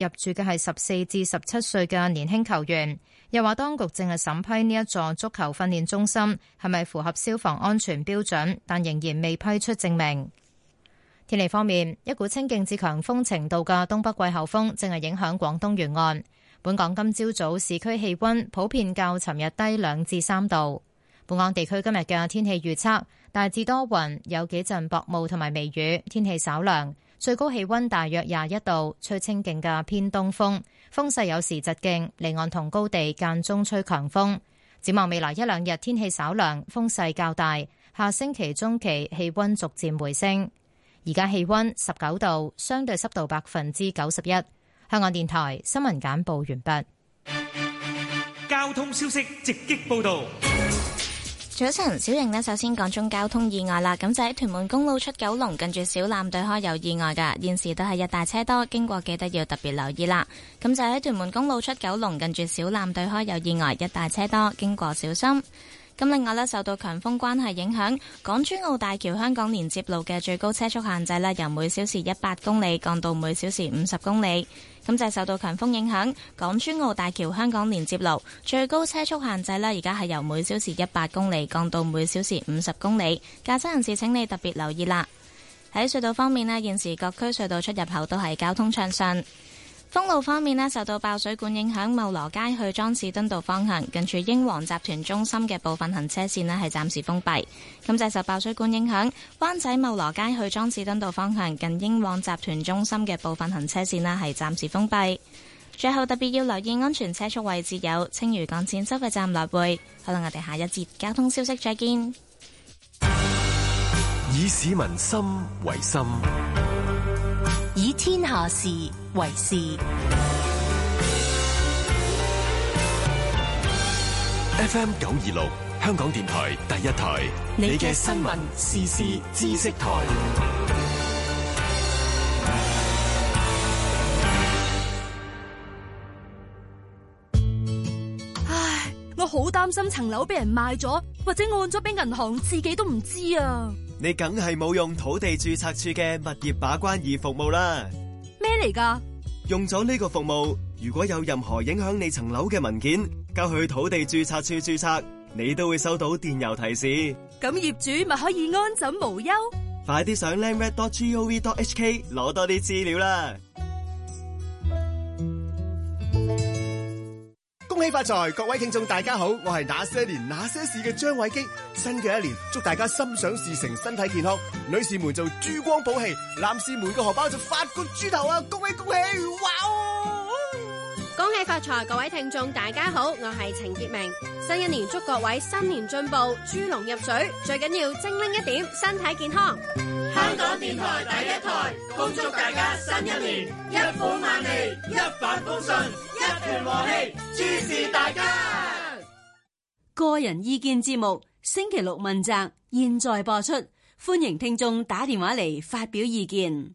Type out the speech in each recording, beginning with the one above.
入住嘅係十四至十七歲嘅年輕球員，又話當局正係審批呢一座足球訓練中心係咪符合消防安全標準，但仍然未批出證明。天氣方面，一股清勁至強風程度嘅東北季候風正係影響廣東沿岸，本港今朝早市區氣溫普遍較尋日低兩至三度。本港地區今日嘅天氣預測大致多雲，有幾陣薄霧同埋微雨，天氣稍涼。最高氣溫大約廿一度，吹清勁嘅偏東風，風勢有時疾勁，離岸同高地間中吹強風。展望未來一兩日，天氣稍涼，風勢較大。下星期中期氣溫逐漸回升。而家氣溫十九度，相對濕度百分之九十一。香港電台新聞簡報完畢。交通消息直擊報道。早晨，小瑩呢，首先講中交通意外啦。咁就喺屯門公路出九龍近住小欖對開有意外嘅，現時都係一大車多，經過記得要特別留意啦。咁就喺屯門公路出九龍近住小欖對開有意外，一大車多，經過小心。咁另外呢，受到強風關係影響，港珠澳大橋香港連接路嘅最高車速限制呢，由每小時一百公里降到每小時五十公里。咁就受到強風影響，港珠澳大橋、香港連接路最高車速限制呢，而家係由每小時一百公里降到每小時五十公里。駕駛人士請你特別留意啦。喺隧道方面呢，現時各區隧道出入口都係交通暢順。封路方面咧，受到爆水管影響，茂羅街去莊士敦道方向近住英皇集團中心嘅部分行車線咧係暫時封閉。咁就受爆水管影響，灣仔茂羅街去莊士敦道方向近英皇集團中心嘅部分行車線咧係暫時封閉。最後特別要留意安全車速位置，有青嶼幹線收費站來回。好啦，我哋下一節交通消息再見。以市民心為心。天下事為事，FM 九二六香港電台第一台，你嘅新聞時事知識台。擔心層樓俾人賣咗，或者按咗俾銀行，自己都唔知啊！你梗係冇用土地注冊處嘅物業把關易服務啦。咩嚟噶？用咗呢個服務，如果有任何影響你層樓嘅文件，交去土地注冊處注冊，你都會收到電郵提示。咁業主咪可以安枕無憂。快啲上 landreg.gov.hk 攞多啲資料啦！恭喜發財！各位聽眾大家好，我係那些年那些事嘅張偉基。新嘅一年，祝大家心想事成、身體健康。女士們做珠光寶氣，男士們個荷包就發過豬頭啊！恭喜恭喜，哇、哦恭喜發財，各位聽眾大家好，我係陳杰明。新一年祝各位新年進步，豬籠入水，最緊要精靈一點，身體健康。香港電台第一台恭祝大家新一年一虎萬年，一帆風順，一團和氣，諸事大吉！個人意見節目星期六問責，現在播出，歡迎聽眾打電話嚟發表意見。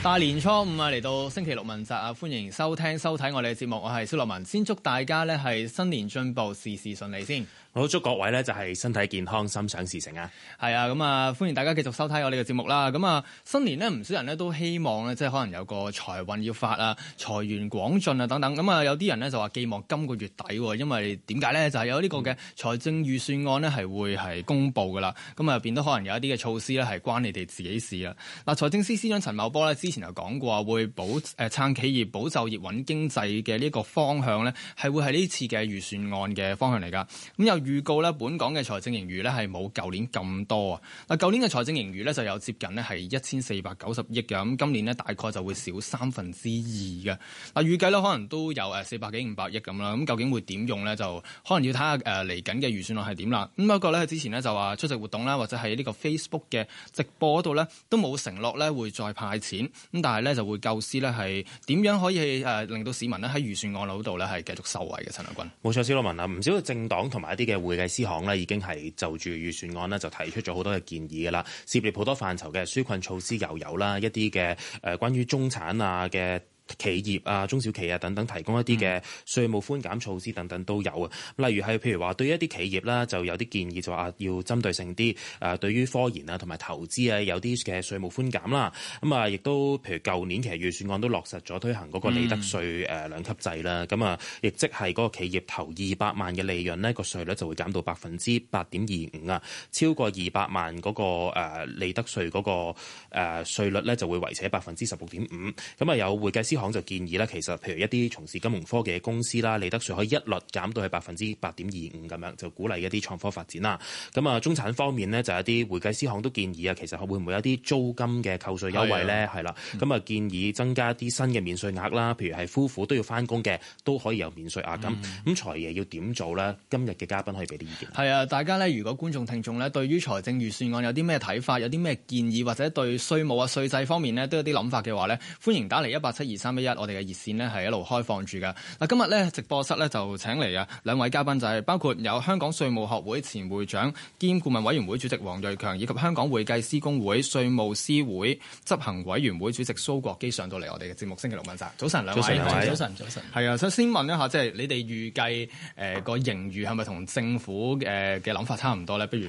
大年初五啊，嚟到星期六問責啊，歡迎收聽收睇我哋嘅節目。我係蕭洛汶，先祝大家呢係新年進步，事事順利先。好，祝各位呢就係身體健康，心想事成啊！係啊，咁啊，歡迎大家繼續收睇我哋嘅節目啦。咁啊，新年呢，唔少人呢都希望呢，即係可能有個財運要發啊，財源廣進啊等等。咁啊，有啲人呢就話寄望今個月底，因為點解呢？就係、是、有呢個嘅財政預算案呢係會係公佈噶啦。咁啊，入邊都可能有一啲嘅措施呢係關你哋自己事啊。嗱，財政司司長陳茂波呢之前就講過，會保誒、呃、撐企業、保就業、穩經濟嘅呢個方向呢，係會係呢次嘅預算案嘅方向嚟噶。咁又預告咧，本港嘅財政盈餘咧係冇舊年咁多啊！嗱，舊年嘅財政盈餘咧就有接近咧係一千四百九十億嘅，咁今年咧大概就會少三分之二嘅。嗱，預計咧可能都有誒四百幾五百億咁啦。咁究竟會點用呢？就可能要睇下誒嚟緊嘅預算案係點啦。咁不過咧，之前咧就話出席活動啦，或者喺呢個 Facebook 嘅直播嗰度咧，都冇承諾咧會再派錢。咁但係咧就會構思咧係點樣可以誒令到市民咧喺預算案嗰度咧係繼續受惠嘅。陳亮均，冇錯，蕭洛汶啊，唔少嘅政黨同埋一啲。嘅會計師行咧，已經係就住預算案咧，就提出咗好多嘅建議噶啦。涉獵好多範疇嘅紓困措施又有啦，一啲嘅誒關於中產啊嘅。企業啊、中小企啊等等，提供一啲嘅稅務寬減措施等等都有啊。例如係譬如話對於一啲企業啦，就有啲建議就話要針對性啲。誒、啊，對於科研啊同埋投資啊有啲嘅稅務寬減啦。咁啊，亦都譬如舊年其實預算案都落實咗推行嗰個利得稅誒兩級制啦。咁啊，亦即係嗰個企業投二百萬嘅利潤呢，個稅率就會減到百分之八點二五啊。超過二百萬嗰、那個、呃、利得稅嗰、那個誒、呃、稅率呢，就會維持喺百分之十六點五。咁啊，有會計師行就建議啦，其實譬如一啲從事金融科技嘅公司啦，利得稅可以一律減到係百分之八點二五咁樣，就鼓勵一啲創科發展啦。咁啊，中產方面呢，就係一啲會計師行都建議啊，其實會唔會有啲租金嘅扣稅優惠呢？係啦，咁啊建議增加啲新嘅免稅額啦，譬如係夫婦都要翻工嘅，都可以有免稅額咁。嗯、咁財爺要點做呢？今日嘅嘉賓可以俾啲意見。係啊，大家呢，如果觀眾聽眾呢，對於財政預算案有啲咩睇法，有啲咩建議，或者對稅務啊、稅制方面呢，都有啲諗法嘅話呢，歡迎打嚟一八七二三。三一我哋嘅熱線咧係一路開放住嘅。嗱，今日咧直播室咧就請嚟嘅兩位嘉賓就係包括有香港稅務學會前會長兼顧問委員會主席王銳強，以及香港會計師公會稅務師會執行委員會主席蘇國基上到嚟我哋嘅節目。星期六問雜，早晨兩位，早晨上位早晨，係啊，首先問一下，即、就、係、是、你哋預計誒、呃那個盈餘係咪同政府誒嘅諗法差唔多呢？不如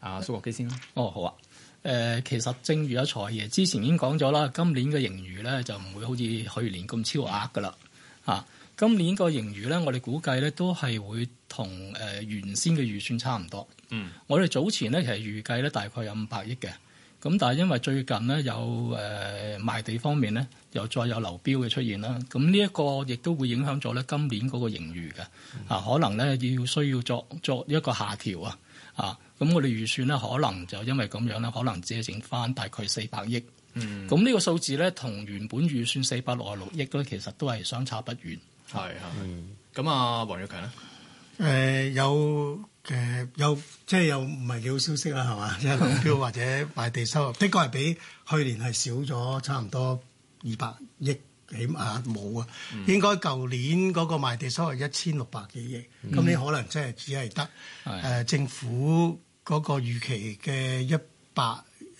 阿、呃、蘇國基先。哦，好啊。誒、呃，其實正如阿財爺之前已經講咗啦，今年嘅盈餘咧就唔會好似去年咁超額㗎喇，嚇、啊！今年個盈餘咧，我哋估計咧都係會同誒、呃、原先嘅預算差唔多。嗯，我哋早前咧其實預計咧大概有五百億嘅，咁但係因為最近咧有誒、呃、賣地方面咧又再有流標嘅出現啦，咁呢一個亦都會影響咗咧今年嗰個盈餘嘅，嗯、啊，可能咧要需要作作一個下調啊。啊，咁我哋預算咧，可能就因為咁樣咧，可能只係剩翻大概四百億。嗯，咁呢個數字咧，同原本預算四百六十六億咧，其實都係相差不遠。係係。咁、嗯、啊，王銳強咧，誒、呃、有誒、呃、有，即係有唔係幾好消息啦，係嘛？ 即係股票或者賣地收入， 的確係比去年係少咗差唔多二百億。起碼冇啊！嗯、應該舊年嗰個賣地收入，一千六百幾億，咁、嗯、你可能真係只係得誒政府嗰個預期嘅一百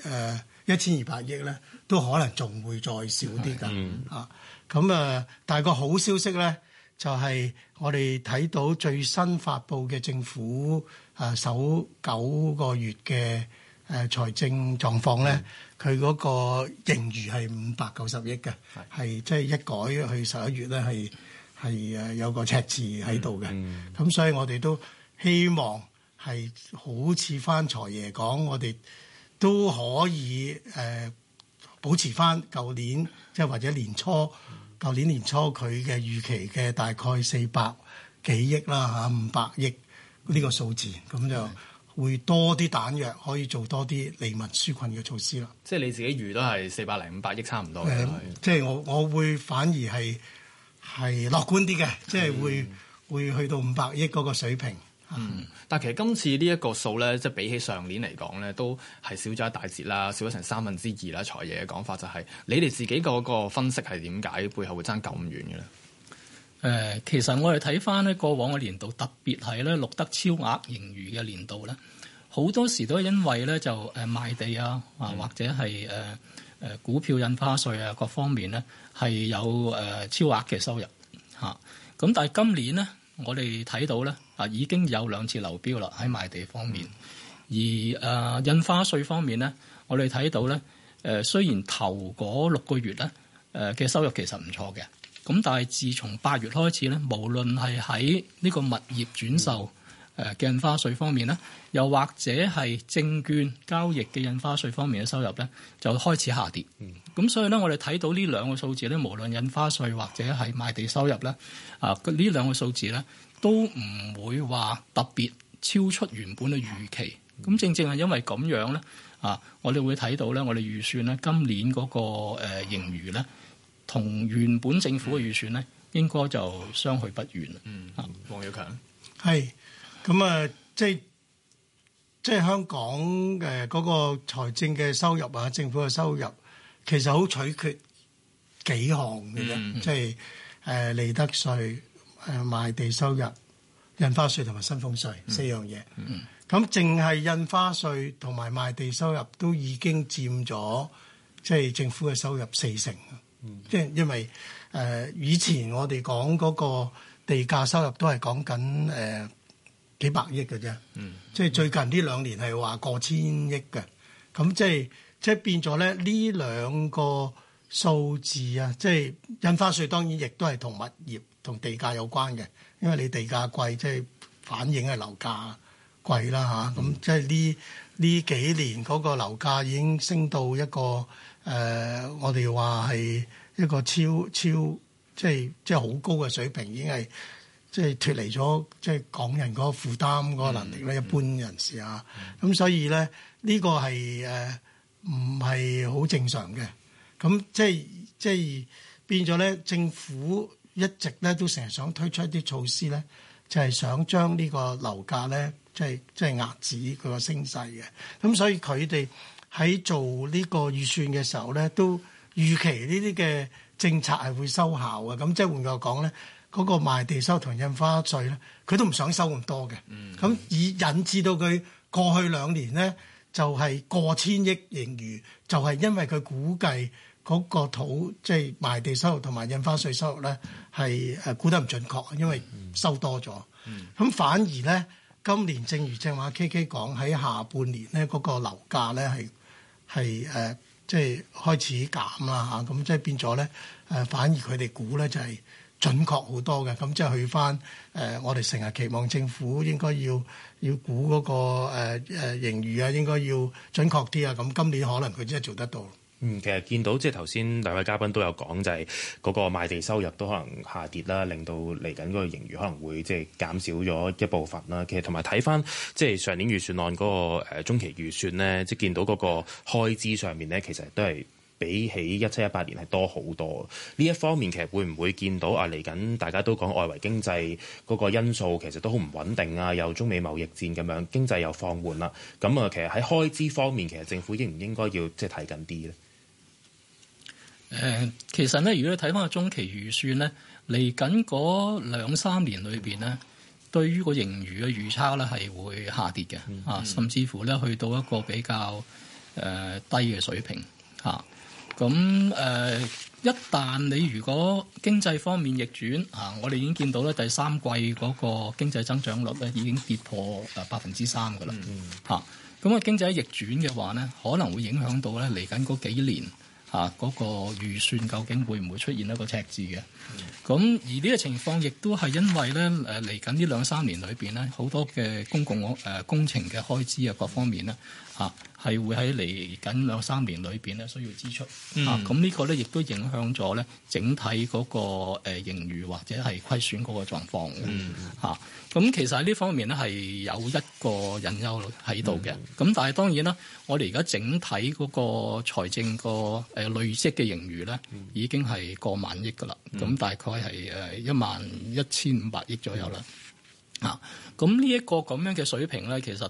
誒一千二百億咧，都可能仲會再少啲㗎、嗯、啊！咁啊、呃，但係個好消息咧，就係、是、我哋睇到最新發布嘅政府啊、呃、首九個月嘅誒、呃、財政狀況咧。嗯佢嗰個盈餘係五百九十億嘅，係即係一改去十一月咧，係係誒有個赤字喺度嘅。咁、嗯、所以我哋都希望係好似翻財爺講，我哋都可以誒、呃、保持翻舊年，即係或者年初舊、嗯、年年初佢嘅預期嘅大概四百幾億啦，吓五百億呢個數字咁、嗯、就。會多啲彈藥，可以做多啲利民舒困嘅措施啦。即係你自己預都係四百零五百億差唔多、嗯、是即係我我會反而係係樂觀啲嘅，即係會、嗯、會去到五百億嗰個水平。嗯，但係其實今次呢一個數咧，即係比起上年嚟講咧，都係少咗一大截啦，少咗成三分之二啦。財爺嘅講法就係、是，你哋自己嗰個分析係點解背後會爭咁遠嘅咧？誒、嗯，其實我哋睇翻咧過往嘅年度，特別係咧錄得超額盈餘嘅年度咧。好多時都係因為咧就誒賣地啊，或者係誒誒股票印花稅啊各方面咧係有誒超額嘅收入嚇。咁但係今年咧，我哋睇到咧啊已經有兩次流標啦喺賣地方面，而誒印花稅方面咧，我哋睇到咧誒雖然頭嗰六個月咧誒嘅收入其實唔錯嘅，咁但係自從八月開始咧，無論係喺呢個物業轉售。嗯誒印花稅方面咧，又或者係證券交易嘅印花稅方面嘅收入咧，就開始下跌。咁、嗯、所以咧，我哋睇到呢兩個數字咧，無論印花稅或者係賣地收入咧，啊，呢兩個數字咧，都唔會話特別超出原本嘅預期。咁、嗯、正正係因為咁樣咧，啊，我哋會睇到咧，我哋預算咧，今年嗰個盈餘咧，同原本政府嘅預算咧，嗯、應該就相去不遠。嗯，王銳強，係。咁啊，即係即係香港誒嗰、那個財政嘅收入啊，政府嘅收入其實好取決幾項嘅啫，即係誒利得稅、誒、呃、賣地收入、印花稅同埋薪俸稅、嗯、四樣嘢。咁淨係印花稅同埋賣地收入都已經佔咗即係政府嘅收入四成。即係、嗯、因為誒、呃、以前我哋講嗰個地價收入都係講緊誒。呃呃幾百億嘅啫，即係、嗯、最近呢兩年係話過千億嘅，咁即係即係變咗咧呢兩個數字啊！即係印花稅當然亦都係同物業同地價有關嘅，因為你地價貴，即係反映係樓價貴啦吓，咁即係呢呢幾年嗰個樓價已經升到一個誒、呃，我哋話係一個超超即係即係好高嘅水平，已經係。即係脫離咗即係港人嗰個負擔個能力咧，嗯嗯、一般人士啊，咁、嗯、所以咧呢、呢個係誒唔係好正常嘅。咁即係即係變咗咧，政府一直咧都成日想推出一啲措施咧，就係、是、想將呢個樓價咧即係即係壓止佢個升勢嘅。咁所以佢哋喺做呢個預算嘅時候咧，都預期呢啲嘅政策係會收效嘅。咁即係換句話講咧。嗰個賣地收入同印花稅咧，佢都唔想收咁多嘅。咁、嗯、以引致到佢過去兩年咧，就係、是、過千億盈餘，就係、是、因為佢估計嗰個土即係、就是、賣地收入同埋印花稅收入咧，係誒估得唔準確，因為收多咗。咁、嗯嗯、反而咧，今年正如正話 K K 講，喺下半年咧，嗰、那個樓價咧係係誒即係開始減啦嚇。咁即係變咗咧誒，反而佢哋估咧就係、是。準確好多嘅，咁即係去翻誒、呃，我哋成日期望政府應該要要估嗰個誒盈餘啊，應該要準確啲啊，咁今年可能佢真係做得到。嗯，其實見到即係頭先兩位嘉賓都有講，就係、係、嗰個賣地收入都可能下跌啦，令到嚟緊嗰個盈餘可能會即係減少咗一部分啦。其實同埋睇翻即係上年預算案嗰、嗰個、呃、中期預算咧，即係見到嗰個開支上面咧，其實都係。比起一七一八年係多好多，呢一方面其實會唔會見到啊？嚟緊大家都講外圍經濟嗰個因素，其實都好唔穩定啊，又中美貿易戰咁樣，經濟又放緩啦。咁啊，其實喺開支方面，其實政府應唔應該要即係睇緊啲咧？誒、呃，其實咧，如果你睇翻個中期預算咧，嚟緊嗰兩三年裏邊咧，對於個盈餘嘅預測咧係會下跌嘅、嗯、啊，甚至乎咧去到一個比較誒、呃、低嘅水平嚇。啊咁誒、呃，一旦你如果經濟方面逆轉啊，我哋已經見到咧第三季嗰個經濟增長率咧已經跌破誒百分之三㗎啦。嚇，咁、嗯、啊經濟逆轉嘅話咧，可能會影響到咧嚟緊嗰幾年嚇嗰、啊嗰個預算究竟會唔會出現一個赤字嘅？咁、嗯啊、而呢個情況亦都係因為咧誒嚟緊呢兩、啊、三年裏邊咧好多嘅公共我、呃、工程嘅開支啊各方面咧嚇。啊啊係會喺嚟緊兩三年裏邊咧需要支出，嗯、啊咁、這個、呢個咧亦都影響咗咧整體嗰個盈餘或者係虧損嗰個狀況嘅，嚇咁其實喺呢方面咧係有一個隱憂喺度嘅，咁、嗯、但係當然啦，我哋而家整體嗰個財政個誒累積嘅盈餘咧、嗯、已經係過萬億噶啦，咁、嗯嗯、大概係誒一萬一千五百億左右啦，啊、嗯。嗯咁呢一個咁樣嘅水平咧，其實誒，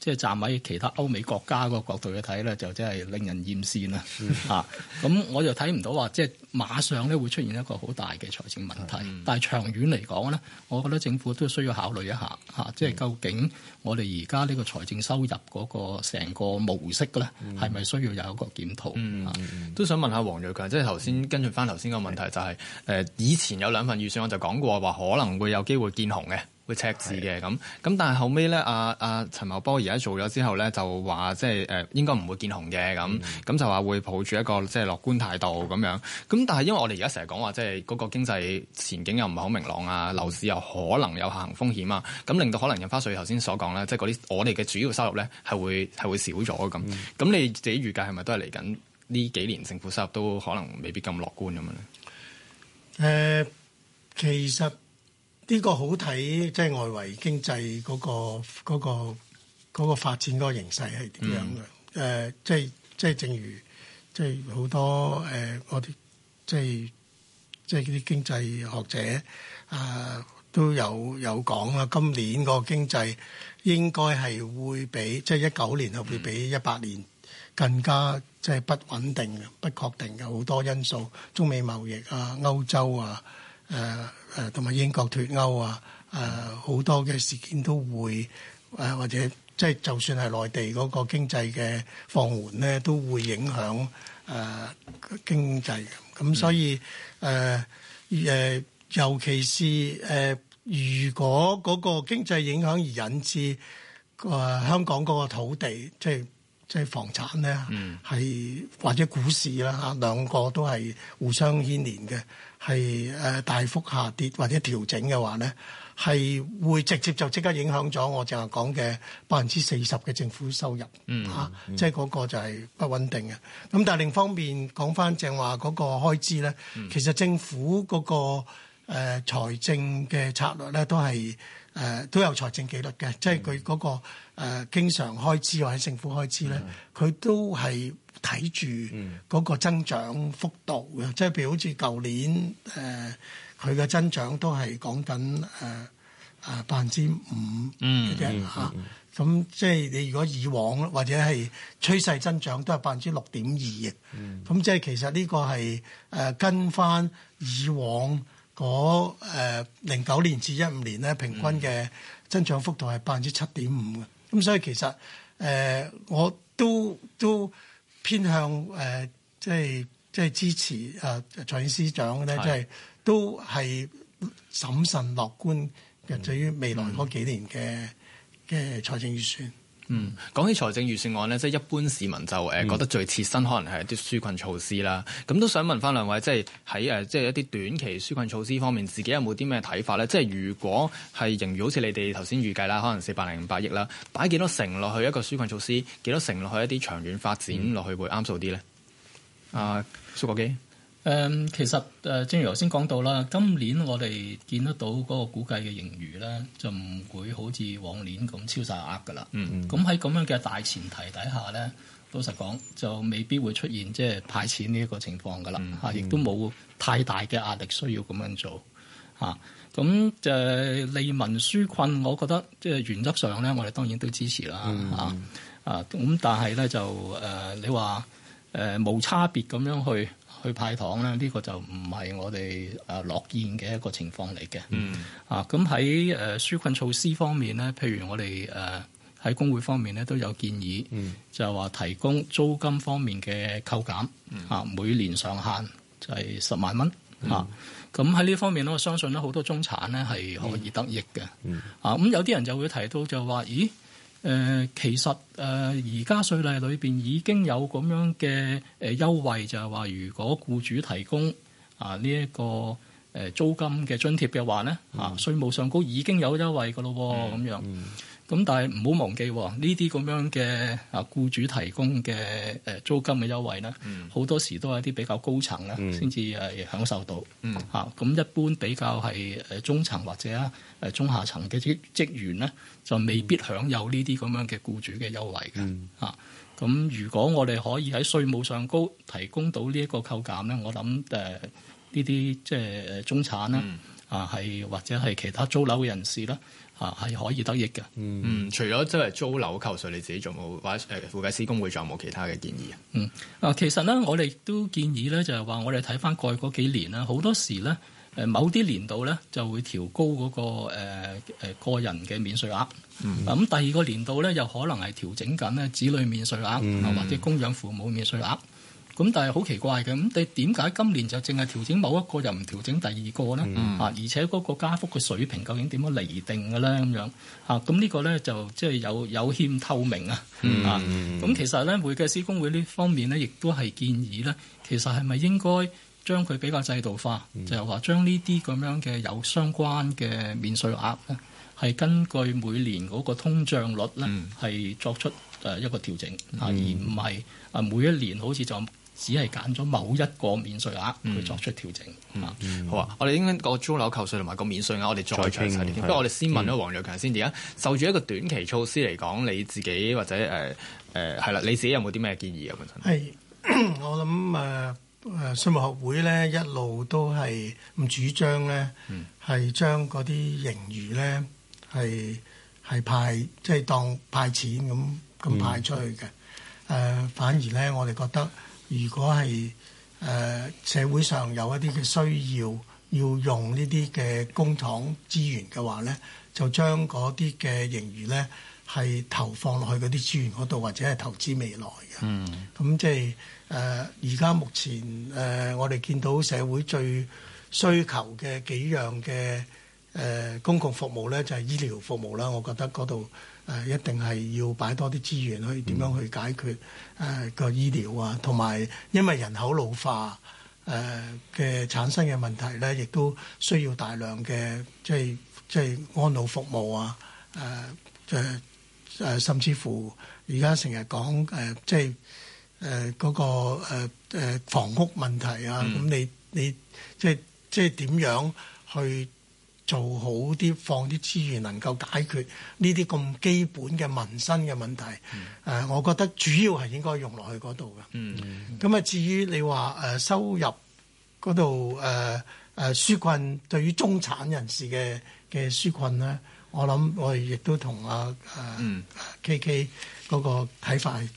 即係站喺其他歐美國家個角度去睇咧，就真係令人艷羨啦嚇。咁我就睇唔到話，即係馬上咧會出現一個好大嘅財政問題。但係長遠嚟講咧，我覺得政府都需要考慮一下嚇，即係究竟我哋而家呢個財政收入嗰個成個模式咧，係咪需要有一個檢討？都想問下王銳強，即係頭先跟住翻頭先個問題，就係誒以前有兩份預算，我就講過話可能會有機會見紅嘅。會赤字嘅咁，咁是的 但係後尾咧，阿、啊、阿、啊、陳茂波而家做咗之後咧，就話即係誒應該唔會見紅嘅咁，咁、嗯、就話會抱住一個即係、就是、樂觀態度咁樣。咁但係因為我哋而家成日講話即係嗰個經濟前景又唔係好明朗啊，嗯、樓市又可能有下行風險啊，咁、嗯、令到可能印花稅頭先所講咧，即係嗰啲我哋嘅主要收入咧係會係會少咗咁。咁、嗯、你自己預計係咪都係嚟緊呢幾年政府收入都可能未必咁樂觀咁樣咧？誒，其實。呢個好睇，即係外圍經濟嗰、嗰個嗰、嗰個嗰個嗰個發展嗰個形勢係點樣嘅？誒、嗯呃，即係即係正如即係好多誒，我、呃、哋即係即係啲經濟學者啊、呃、都有有講啦。今年個經濟應該係會比即係一九年啊會比一八年、嗯、更加即係不穩定嘅、不確定嘅好多因素，中美貿易啊、歐洲啊、誒、呃。誒同埋英國脱歐啊！誒、呃、好多嘅事件都會誒或者即係就算係內地嗰個經濟嘅放緩咧，都會影響誒、呃、經濟。咁所以誒誒、呃，尤其是誒、呃呃，如果嗰個經濟影響而引致誒、呃、香港嗰個土地，即係即係房產咧，係、嗯、或者股市啦嚇，兩個都係互相牽連嘅。係誒、呃、大幅下跌或者調整嘅話咧，係會直接就即刻影響咗我正話講嘅百分之四十嘅政府收入，嚇、嗯，嗯啊、即係嗰個就係不穩定嘅。咁但係另一方面講翻正話嗰個開支咧，嗯、其實政府嗰、嗰個誒財、呃、政嘅策略咧都係誒、呃、都有財政紀律嘅，即係佢嗰個誒、呃、經常開支或者政府開支咧，佢都係。睇住嗰個增長幅度嘅，即係譬如好似舊年誒，佢、呃、嘅增長都係講緊誒誒百分之五嘅啫嚇。咁即係你如果以往或者係趨勢增長都係百分之六點二嘅。咁、嗯、即係其實呢個係誒、呃、跟翻以往嗰零九年至一五年咧平均嘅增長幅度係百分之七點五嘅。咁、嗯、所以其實誒、呃、我都都。都都偏向誒、呃、即係即係支持誒啊、財政司長咧，即係的都係審慎樂觀嘅對於未來嗰幾年嘅嘅財政預算。嗯，講起財政預算案咧，即係一般市民就誒覺得最切身，可能係一啲紓困措施啦。咁、嗯、都想問翻兩位，即係喺誒即係一啲短期紓困措施方面，自己有冇啲咩睇法咧？即係如果係盈餘，好似你哋頭先預計啦，可能四百零八億啦，擺幾多成落去一個紓困措施，幾多成落去一啲長遠發展落去會啱數啲咧？阿蘇國基。誒、嗯，其實誒，正如頭先講到啦，今年我哋見得到嗰個估計嘅盈餘咧，就唔會好似往年咁超晒額噶啦。嗯咁喺咁樣嘅大前提底下咧，老實講就未必會出現即係派錢呢一個情況噶啦嚇，亦都冇太大嘅壓力需要咁樣做嚇。咁、啊、就利民紓困，我覺得即係原則上咧，我哋當然都支持啦嚇、嗯、啊。咁、啊、但係咧就誒、呃，你話誒、呃、無差別咁樣去。去派糖咧，呢、這個就唔係我哋誒樂見嘅一個情況嚟嘅。嗯啊，咁喺誒紓困措施方面咧，譬如我哋誒喺公會方面咧都有建議，嗯就係話提供租金方面嘅扣減，啊每年上限就係十萬蚊吓。咁喺呢方面咧，我相信咧好多中產咧係可以得益嘅、嗯。嗯啊，咁有啲人就會提到就話咦。誒、呃、其實誒而家稅例裏邊已經有咁樣嘅誒優惠，就係、是、話如果僱主提供啊呢一、這個誒租金嘅津貼嘅話咧，嗯、啊稅務上高已經有優惠㗎咯喎，咁、嗯、樣。嗯咁但係唔好忘記呢啲咁樣嘅啊，雇主提供嘅誒租金嘅優惠咧，好、嗯、多時都係一啲比較高層咧先至誒享受到嚇。咁、嗯嗯啊、一般比較係誒中層或者啊誒中下層嘅職職員咧，就未必享有呢啲咁樣嘅雇主嘅優惠嘅嚇。咁、嗯啊、如果我哋可以喺稅務上高提供到呢一個扣減咧，我諗誒呢啲即係誒中產啦啊，係、嗯、或者係其他租樓嘅人士啦。啊，係可以得益嘅。嗯，除咗即係租樓扣稅，你自己仲冇或者誒會計師公會仲有冇其他嘅建議啊？嗯，啊其實咧，我哋都建議咧，就係話我哋睇返過去嗰幾年啦，好多時咧誒某啲年度咧就會調高嗰、那個誒誒、呃、個人嘅免稅額。咁、嗯啊、第二個年度咧，又可能係調整緊咧子女免稅額，嗯、或者供養父母免稅額。咁但係好奇怪嘅，咁你點解今年就淨係調整某一個，又唔調整第二個呢？嗯、啊，而且嗰個加幅嘅水平究竟點樣嚟定嘅咧？咁樣啊，咁呢個咧就即係有有欠透明啊。嗯、啊，咁其實咧，會計師公會呢方面呢，亦都係建議呢，其實係咪應該將佢比較制度化，嗯、就係話將呢啲咁樣嘅有相關嘅免稅額呢、啊，係根據每年嗰個通脹率呢，係作出誒一個調整啊，而唔係啊每一年好似就只係揀咗某一個免稅額，去、嗯、作出調整。嗯、好啊，我哋應該個租樓扣稅同埋個免稅額我，的我哋再詳細啲。不過我哋先問咗王銳強先先，而受住一個短期措施嚟講，你自己或者誒誒係啦，你自己有冇啲咩建議嘅本身？係我諗誒誒，稅、呃、務學會咧一路都係唔主張咧，係、嗯、將嗰啲盈餘咧係係派即係、就是、當派錢咁咁派出去嘅。誒、呃，反而咧我哋覺得。如果係誒、呃、社會上有一啲嘅需要要用呢啲嘅公帑資源嘅話咧，就將嗰啲嘅盈餘咧係投放落去嗰啲資源嗰度，或者係投資未來嘅。Mm. 嗯。咁即係誒而家目前誒、呃、我哋見到社會最需求嘅幾樣嘅誒、呃、公共服務咧，就係、是、醫療服務啦。我覺得嗰度。誒一定係要擺多啲資源去點樣去解決誒、嗯呃、個醫療啊，同埋因為人口老化誒嘅、呃、產生嘅問題咧，亦都需要大量嘅即係即係安老服務啊誒誒誒，甚至乎而家成日講誒即係誒嗰個誒、呃、房屋問題啊，咁、嗯、你你即係即係點樣去？做好啲放啲資源，能夠解決呢啲咁基本嘅民生嘅問題。誒、mm. 呃，我覺得主要係應該用落去嗰度嘅。咁啊、mm，hmm. 至於你話誒、呃、收入嗰度誒誒紓困，對於中產人士嘅嘅紓困咧，我諗我哋亦都同阿阿 K K 嗰個睇法係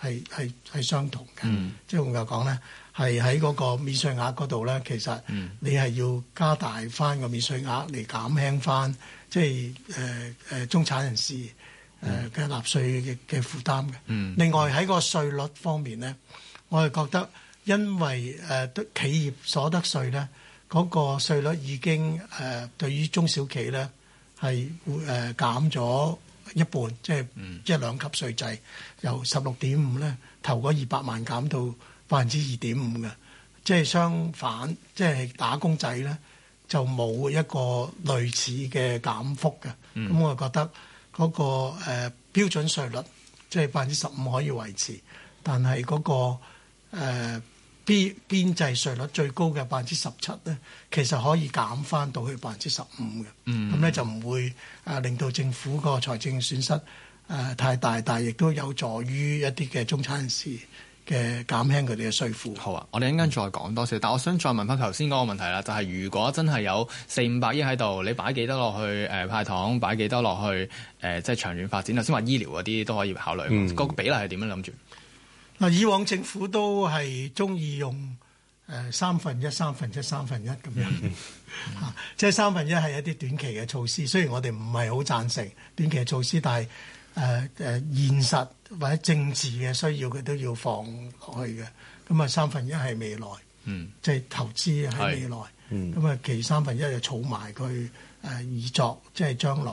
係係係相同嘅。Mm hmm. 即係換句講咧，係喺嗰個免稅額嗰度咧，其實你係要加大翻個免稅額嚟減輕翻，即係誒誒中產人士誒嘅、呃、納稅嘅負擔嘅。嗯嗯、另外喺個稅率方面咧，我係覺得因為誒、呃、企業所得稅咧嗰、個稅率已經誒、呃、對於中小企咧係誒減咗一半，即係一、嗯、兩級稅制由十六點五咧頭個二百萬減到，百分之二點五嘅，即係相反，即係打工仔咧就冇一個類似嘅減幅嘅。咁、嗯、我就覺得嗰、那個誒、呃、標準稅率即係百分之十五可以維持，但係嗰、那個誒邊、呃、邊際稅率最高嘅百分之十七咧，其實可以減翻到去百分之十五嘅。咁咧、嗯、就唔會誒、呃、令到政府個財政損失誒、呃、太大，但係亦都有助於一啲嘅中產人士。嘅減輕佢哋嘅稅負。好啊，我哋一陣間再講多少，但我想再問翻頭先嗰個問題啦，就係、是、如果真係有四五百億喺度，你擺幾多落去誒派糖，擺、呃、幾多落去誒、呃、即係長遠發展？頭先話醫療嗰啲都可以考慮，嗯、個比例係點樣諗住？嗱、嗯，以往政府都係中意用誒、呃、三分一、三分一、三分一咁樣，即係、嗯啊就是、三分一係一啲短期嘅措施，雖然我哋唔係好贊成短期嘅措施，但係。誒誒、呃、現實或者政治嘅需要，佢都要放落去嘅。咁啊三分一係未來，嗯，即係投資喺未來。是嗯，咁啊其三分一就儲埋佢誒以作即係將來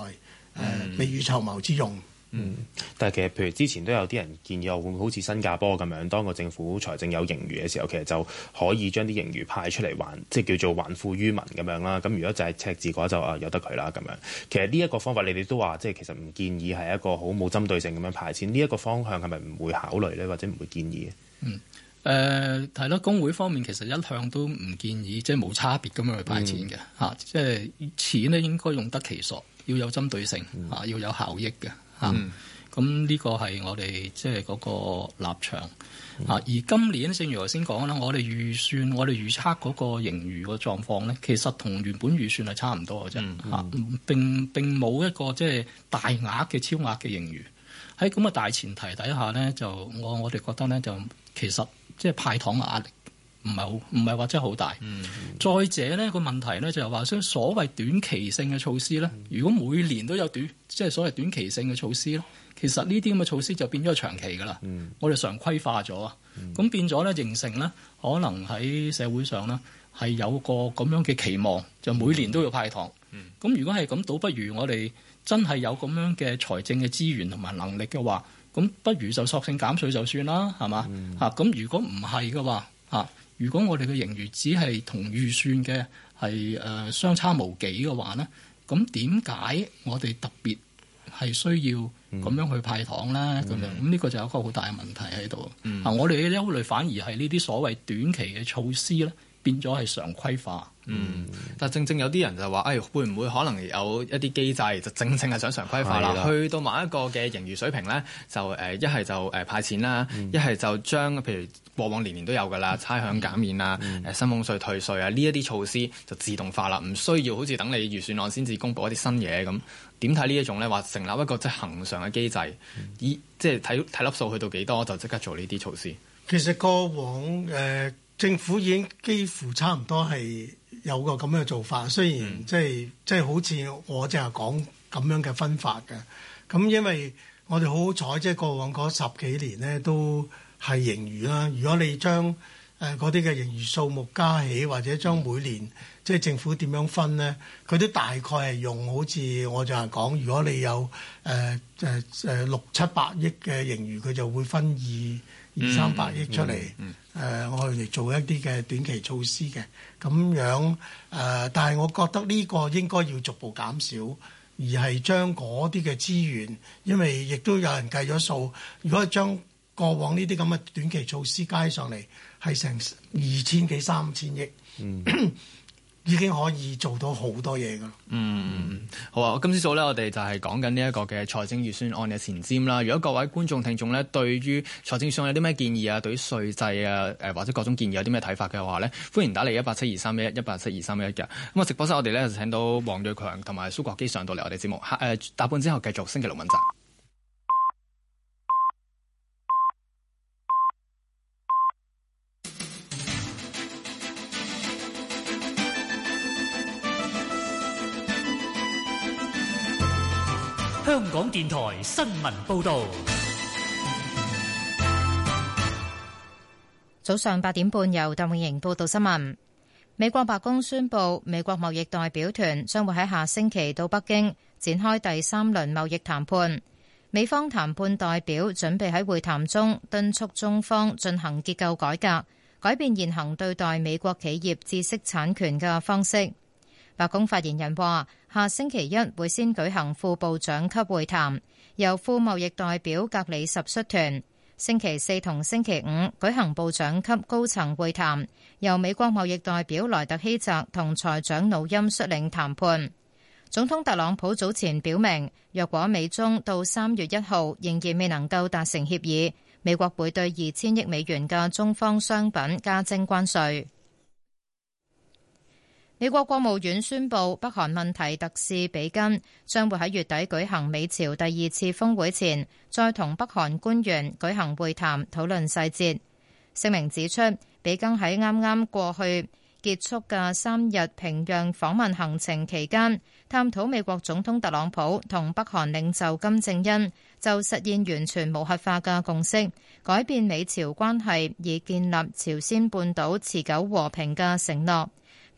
誒未雨綢繆之用。嗯，但係其實，譬如之前都有啲人建議，會唔會好似新加坡咁樣，當個政府財政有盈餘嘅時候，其實就可以將啲盈餘派出嚟，還即係叫做還富於民咁樣啦。咁如果就係赤字嘅話就，就啊由得佢啦。咁樣其實呢一個方法，你哋都話即係其實唔建議係一個好冇針對性咁樣派錢呢一，這個方向，係咪唔會考慮呢？或者唔會建議？嗯，誒係咯，公會方面其實一向都唔建議即係冇差別咁樣去派錢嘅吓、嗯啊，即係錢咧應該用得其所，要有針對性吓、嗯啊，要有效益嘅。啊，咁呢、嗯、個係我哋即係嗰個立場啊。而今年正如頭先講啦，我哋預算，我哋預測嗰個盈餘個狀況咧，其實同原本預算係差唔多嘅啫。嚇、嗯嗯啊，並並冇一個即係、就是、大額嘅超額嘅盈餘。喺咁嘅大前提底下咧，就我我哋覺得咧，就其實即係、就是、派糖嘅壓力。唔係好，唔係話真係好大。嗯、再者呢個問題呢，就係話，所所謂短期性嘅措施咧，嗯、如果每年都有短，即係所謂短期性嘅措施咧，其實呢啲咁嘅措施就變咗長期㗎啦。嗯、我哋常規化咗，咁、嗯、變咗呢，形成呢可能喺社會上呢，係有個咁樣嘅期望，就每年都要派糖。咁、嗯嗯、如果係咁，倒不如我哋真係有咁樣嘅財政嘅資源同埋能力嘅話，咁不如就索性減稅就算啦，係嘛？嚇咁如果唔係嘅話，嚇。如果我哋嘅盈餘只係同預算嘅係，誒，相差無幾嘅話咧，咁點解我哋特別係需要咁樣去派糖咧？咁樣，咁呢個就係一個好大嘅問題喺度。嗱、嗯，我哋嘅憂慮反而係呢啲所謂短期嘅措施咧，變咗係常規化。嗯，但正正有啲人就話，誒、哎、會唔會可能有一啲機制，就正正係想常規化啦。的去到某一個嘅盈餘水平咧，就誒一係就誒派錢啦，一係、嗯、就將譬如過往，往年年都有㗎啦，差餉減免、嗯、啊，誒薪俸稅退稅啊，呢一啲措施就自動化啦，唔需要好似等你預算案先至公布一啲新嘢咁。點睇呢一種咧？話成立一個即係恆常嘅機制，依、嗯、即係睇睇粒數去到幾多就即刻做呢啲措施。其實過往誒、呃、政府已經幾乎差唔多係。有個咁樣嘅做法，雖然即係即係好似我就係講咁樣嘅分法嘅。咁因為我哋好好彩，即係過往嗰十幾年咧都係盈餘啦。如果你將誒嗰啲嘅盈餘數目加起，或者將每年即係政府點樣分咧，佢都大概係用好似我就係講，如果你有誒誒誒六七百億嘅盈餘，佢就會分二、嗯、二三百億出嚟。嗯嗯嗯嗯誒，我去嚟、呃、做一啲嘅短期措施嘅，咁樣誒、呃，但係我覺得呢個應該要逐步減少，而係將嗰啲嘅資源，因為亦都有人計咗數，如果係將過往呢啲咁嘅短期措施加上嚟，係成二千幾三千億。嗯。已經可以做到好多嘢噶啦。嗯，好啊。今朝早咧，我哋就係講緊呢一個嘅財政預算案嘅前瞻啦。如果各位觀眾聽眾咧，對於財政預算有啲咩建議啊，對於稅制啊，誒、呃、或者各種建議有啲咩睇法嘅話咧，歡迎打嚟一八七二三一一八七二三一一嘅。咁啊，直播室我哋咧就請到王銳強同埋蘇國基上到嚟我哋節目。誒、呃，打半之後繼續星期六問責。香港電台新聞報道，早上八點半由鄧永瑩報道新聞。美國白宮宣布，美國貿易代表團將會喺下星期到北京展開第三輪貿易談判。美方談判代表準備喺會談中敦促中方進行結構改革，改變現行對待美國企業知識產權嘅方式。白宮發言人話。下星期一會先舉行副部長級會談，由副貿易代表格里什率團，星期四同星期五舉行部長級高層會談，由美國貿易代表萊特希澤同財長努欽率領談判。總統特朗普早前表明，若果美中到三月一號仍然未能夠達成協議，美國會對二千億美元嘅中方商品加徵關稅。美國國務院宣布，北韓問題特使比根將會喺月底舉行美朝第二次峰會前，再同北韓官員舉行會談，討論細節。聲明指出，比根喺啱啱過去結束嘅三日平壤訪問行程期間，探討美國總統特朗普同北韓領袖金正恩，就實現完全無核化嘅共識，改變美朝關係，以建立朝鮮半島持久和平嘅承諾。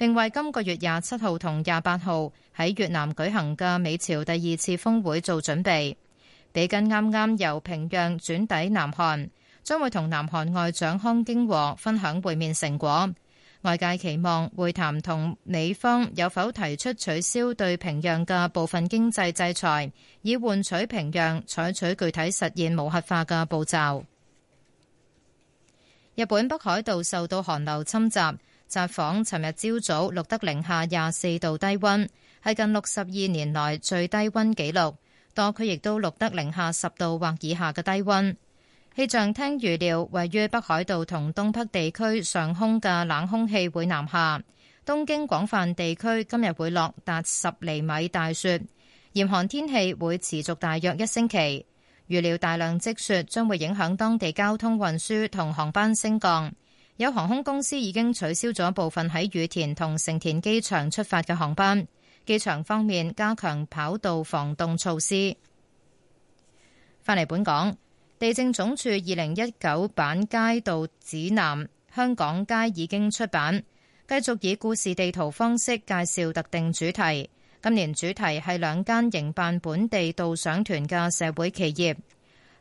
並為今個月廿七號同廿八號喺越南舉行嘅美朝第二次峰會做準備。比根啱啱由平壤轉抵南韓，將會同南韓外長康京和分享會面成果。外界期望會談同美方有否提出取消對平壤嘅部分經濟制裁，以換取平壤採取具體實現無核化嘅步驟。日本北海道受到寒流侵襲。札幌尋日朝早錄得零下廿四度低溫，係近六十二年來最低溫紀錄。多區亦都錄得零下十度或以下嘅低溫。氣象廳預料，位於北海道同東北地區上空嘅冷空氣會南下，東京廣泛地區今日會落達十厘米大雪。嚴寒天氣會持續大約一星期。預料大量積雪將會影響當地交通運輸同航班升降。有航空公司已經取消咗部分喺羽田同成田機場出發嘅航班。機場方面加強跑道防凍措施。返嚟本港，地政總署二零一九版街道指南，香港街已經出版，繼續以故事地圖方式介紹特定主題。今年主題係兩間營辦本地導賞團嘅社會企業。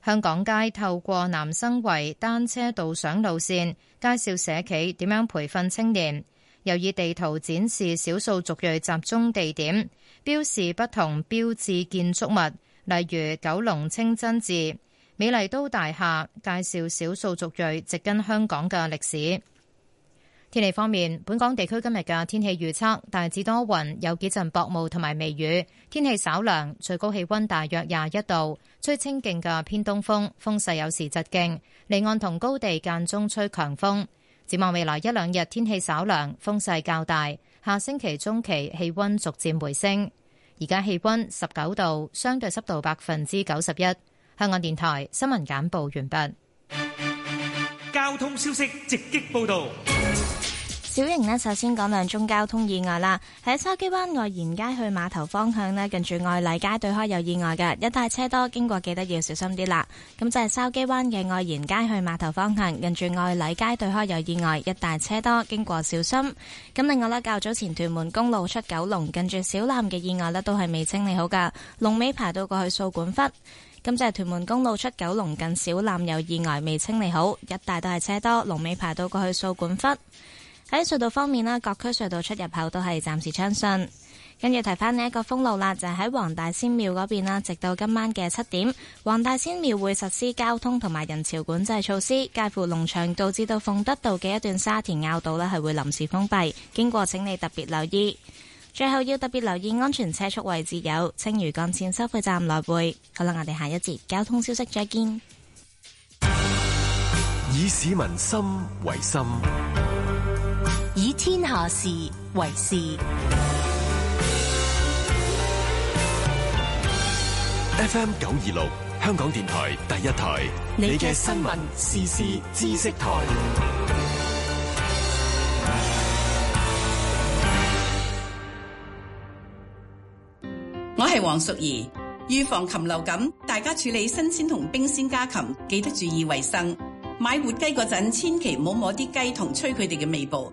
香港街透過南生圍單車導賞路線，介紹社企點樣培訓青年，又以地圖展示少數族裔集中地點，標示不同標誌建築物，例如九龍清真寺、美麗都大廈，介紹少數族裔植根香港嘅歷史。天氣方面，本港地區今日嘅天氣預測大致多雲，有幾陣薄霧同埋微雨，天氣稍涼，最高氣溫大約廿一度，吹清勁嘅偏東風，風勢有時疾勁，離岸同高地間中吹強風。展望未來一兩日天氣稍涼，風勢較大。下星期中期氣溫逐漸回升。而家氣溫十九度，相對濕度百分之九十一。香港電台新聞簡報完畢。交通消息直擊報道。小型呢，首先講兩宗交通意外啦。喺筲箕灣愛賢街去碼頭方向呢，近住愛禮街對開有意外嘅，一帶車多，經過記得要小心啲啦。咁就係筲箕灣嘅愛賢街去碼頭方向，近住愛禮街對開有意外，一帶車多，經過小心。咁另外咧，較早前屯門公路出九龍，近住小欖嘅意外呢，都係未清理好噶，龍尾排到過去掃管笏。咁就係屯門公路出九龍近小欖有意外未清理好，一帶都係車多，龍尾排到過去掃管笏。喺隧道方面咧，各區隧道出入口都係暫時暢順。跟住提翻呢一個封路啦，就係喺黃大仙廟嗰邊啦，直到今晚嘅七點，黃大仙廟會實施交通同埋人潮管制措施，介乎龍翔道至到鳳德道嘅一段沙田坳道呢係會臨時封閉，經過請你特別留意。最後要特別留意安全車速位置有青嶼幹線收費站來回。好啦，我哋下一節交通消息再見。以市民心為心。天下事為事，FM 九二六香港電台第一台，你嘅新聞時事知識台。我係黃淑儀，預防禽流感，大家處理新鮮同冰鮮家禽，記得注意衛生。買活雞嗰陣，千祈唔好摸啲雞同吹佢哋嘅尾部。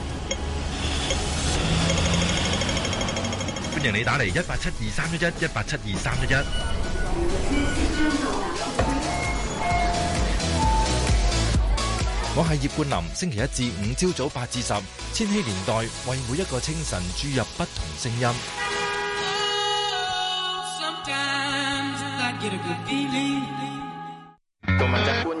歡迎你打嚟一八七二三一一一八七二三一一。2, 3, 1, 2, 3, 1. 我係葉冠霖，星期一至五朝早八至十，千禧年代為每一個清晨注入不同聲音。樂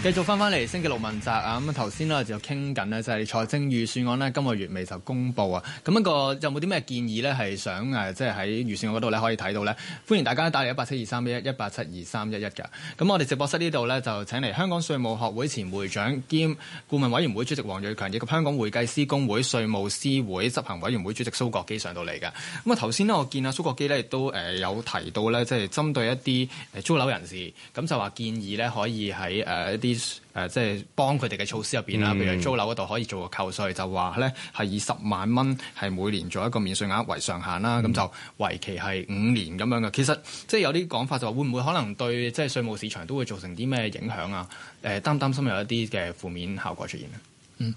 繼續翻返嚟星期六問責啊！咁啊頭先呢，就傾緊呢，就係財政預算案咧，今個月尾就公布啊！咁、那、一個有冇啲咩建議呢？係想啊，即係喺預算案嗰度呢，可以睇到呢。歡迎大家打嚟一八七二三一一一八七二三一一嘅。咁我哋直播室呢度呢，就請嚟香港稅務學會前會長兼顧、顧問委員會主席王銳強，以及香港會計師公會稅務師會執行委員會主席蘇國基上到嚟嘅。咁啊頭先呢，我見阿蘇國基呢，亦都誒有提到呢，即、就、係、是、針對一啲誒租樓人士，咁就話建議呢，可以喺誒一啲。啲即係幫佢哋嘅措施入邊啦，譬如租樓嗰度可以做個扣稅，就話咧係以十萬蚊係每年做一個免稅額為上限啦，咁、嗯、就為期係五年咁樣嘅。其實即係有啲講法就話會唔會可能對即係稅務市場都會造成啲咩影響啊？誒，擔唔擔心有一啲嘅負面效果出現咧？嗯，誒、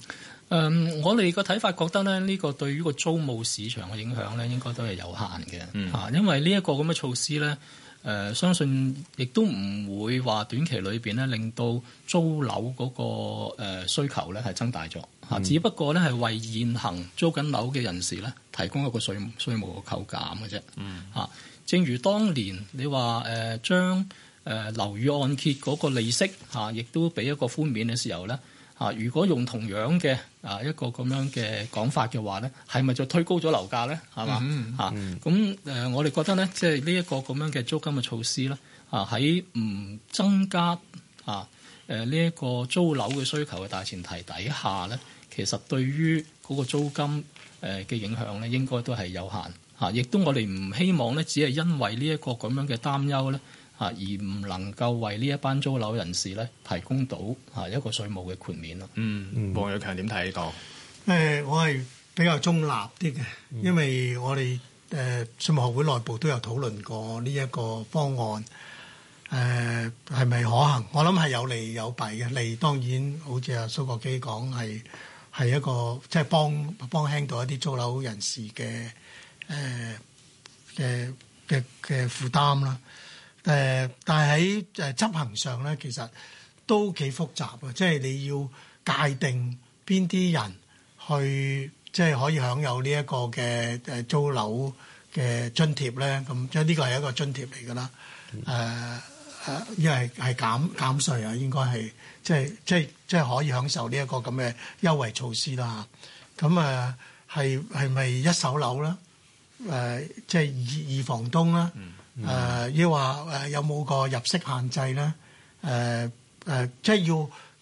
呃，我哋個睇法覺得咧，呢、呢個對於個租務市場嘅影響咧，應該都係有限嘅嚇，嗯、因為呢一個咁嘅措施咧。誒、呃、相信亦都唔會話短期裏邊咧，令到租樓嗰，那個、呃、需求咧係增大咗嚇。嗯、只不過咧係為現行租緊樓嘅人士咧，提供一個稅稅務扣減嘅啫。嚇、嗯，正如當年你話誒將誒樓宇按揭嗰個利息嚇，啊，亦都俾一個寬免嘅時候咧。啊！如果用同樣嘅啊一個咁樣嘅講法嘅話咧，係咪就推高咗樓價咧？係嘛？嚇、嗯！咁、嗯、誒，我哋覺得咧，即係呢一個咁樣嘅租金嘅措施咧，啊喺唔增加啊誒呢一個租樓嘅需求嘅大前提底下咧，其實對於嗰個租金誒嘅影響咧，應該都係有限嚇。亦都我哋唔希望咧，只係因為呢一個咁樣嘅擔憂咧。啊！而唔能夠為呢一班租樓人士咧，提供到啊一個稅務嘅豁免咯。嗯，王銳、嗯、強點睇呢個？誒、呃，我係比較中立啲嘅，嗯、因為我哋誒稅務學會內部都有討論過呢一個方案，誒係咪可行？我諗係有利有弊嘅，利當然好似阿、啊、蘇國基講係係一個即係、就是、幫幫輕到一啲租樓人士嘅誒嘅嘅嘅負擔啦。誒，但係喺誒執行上咧，其實都幾複雜啊，即係你要界定邊啲人去即係可以享有呢一個嘅誒租樓嘅津貼咧。咁即係呢個係一個津貼嚟㗎啦。誒誒，因為係減減稅啊，應該係即係即係即係可以享受呢一個咁嘅優惠措施啦。嚇，咁誒係係咪一手樓啦？誒，即係二二房東啦。誒、呃、要話誒、呃、有冇個入息限制咧？誒、呃、誒、呃、即係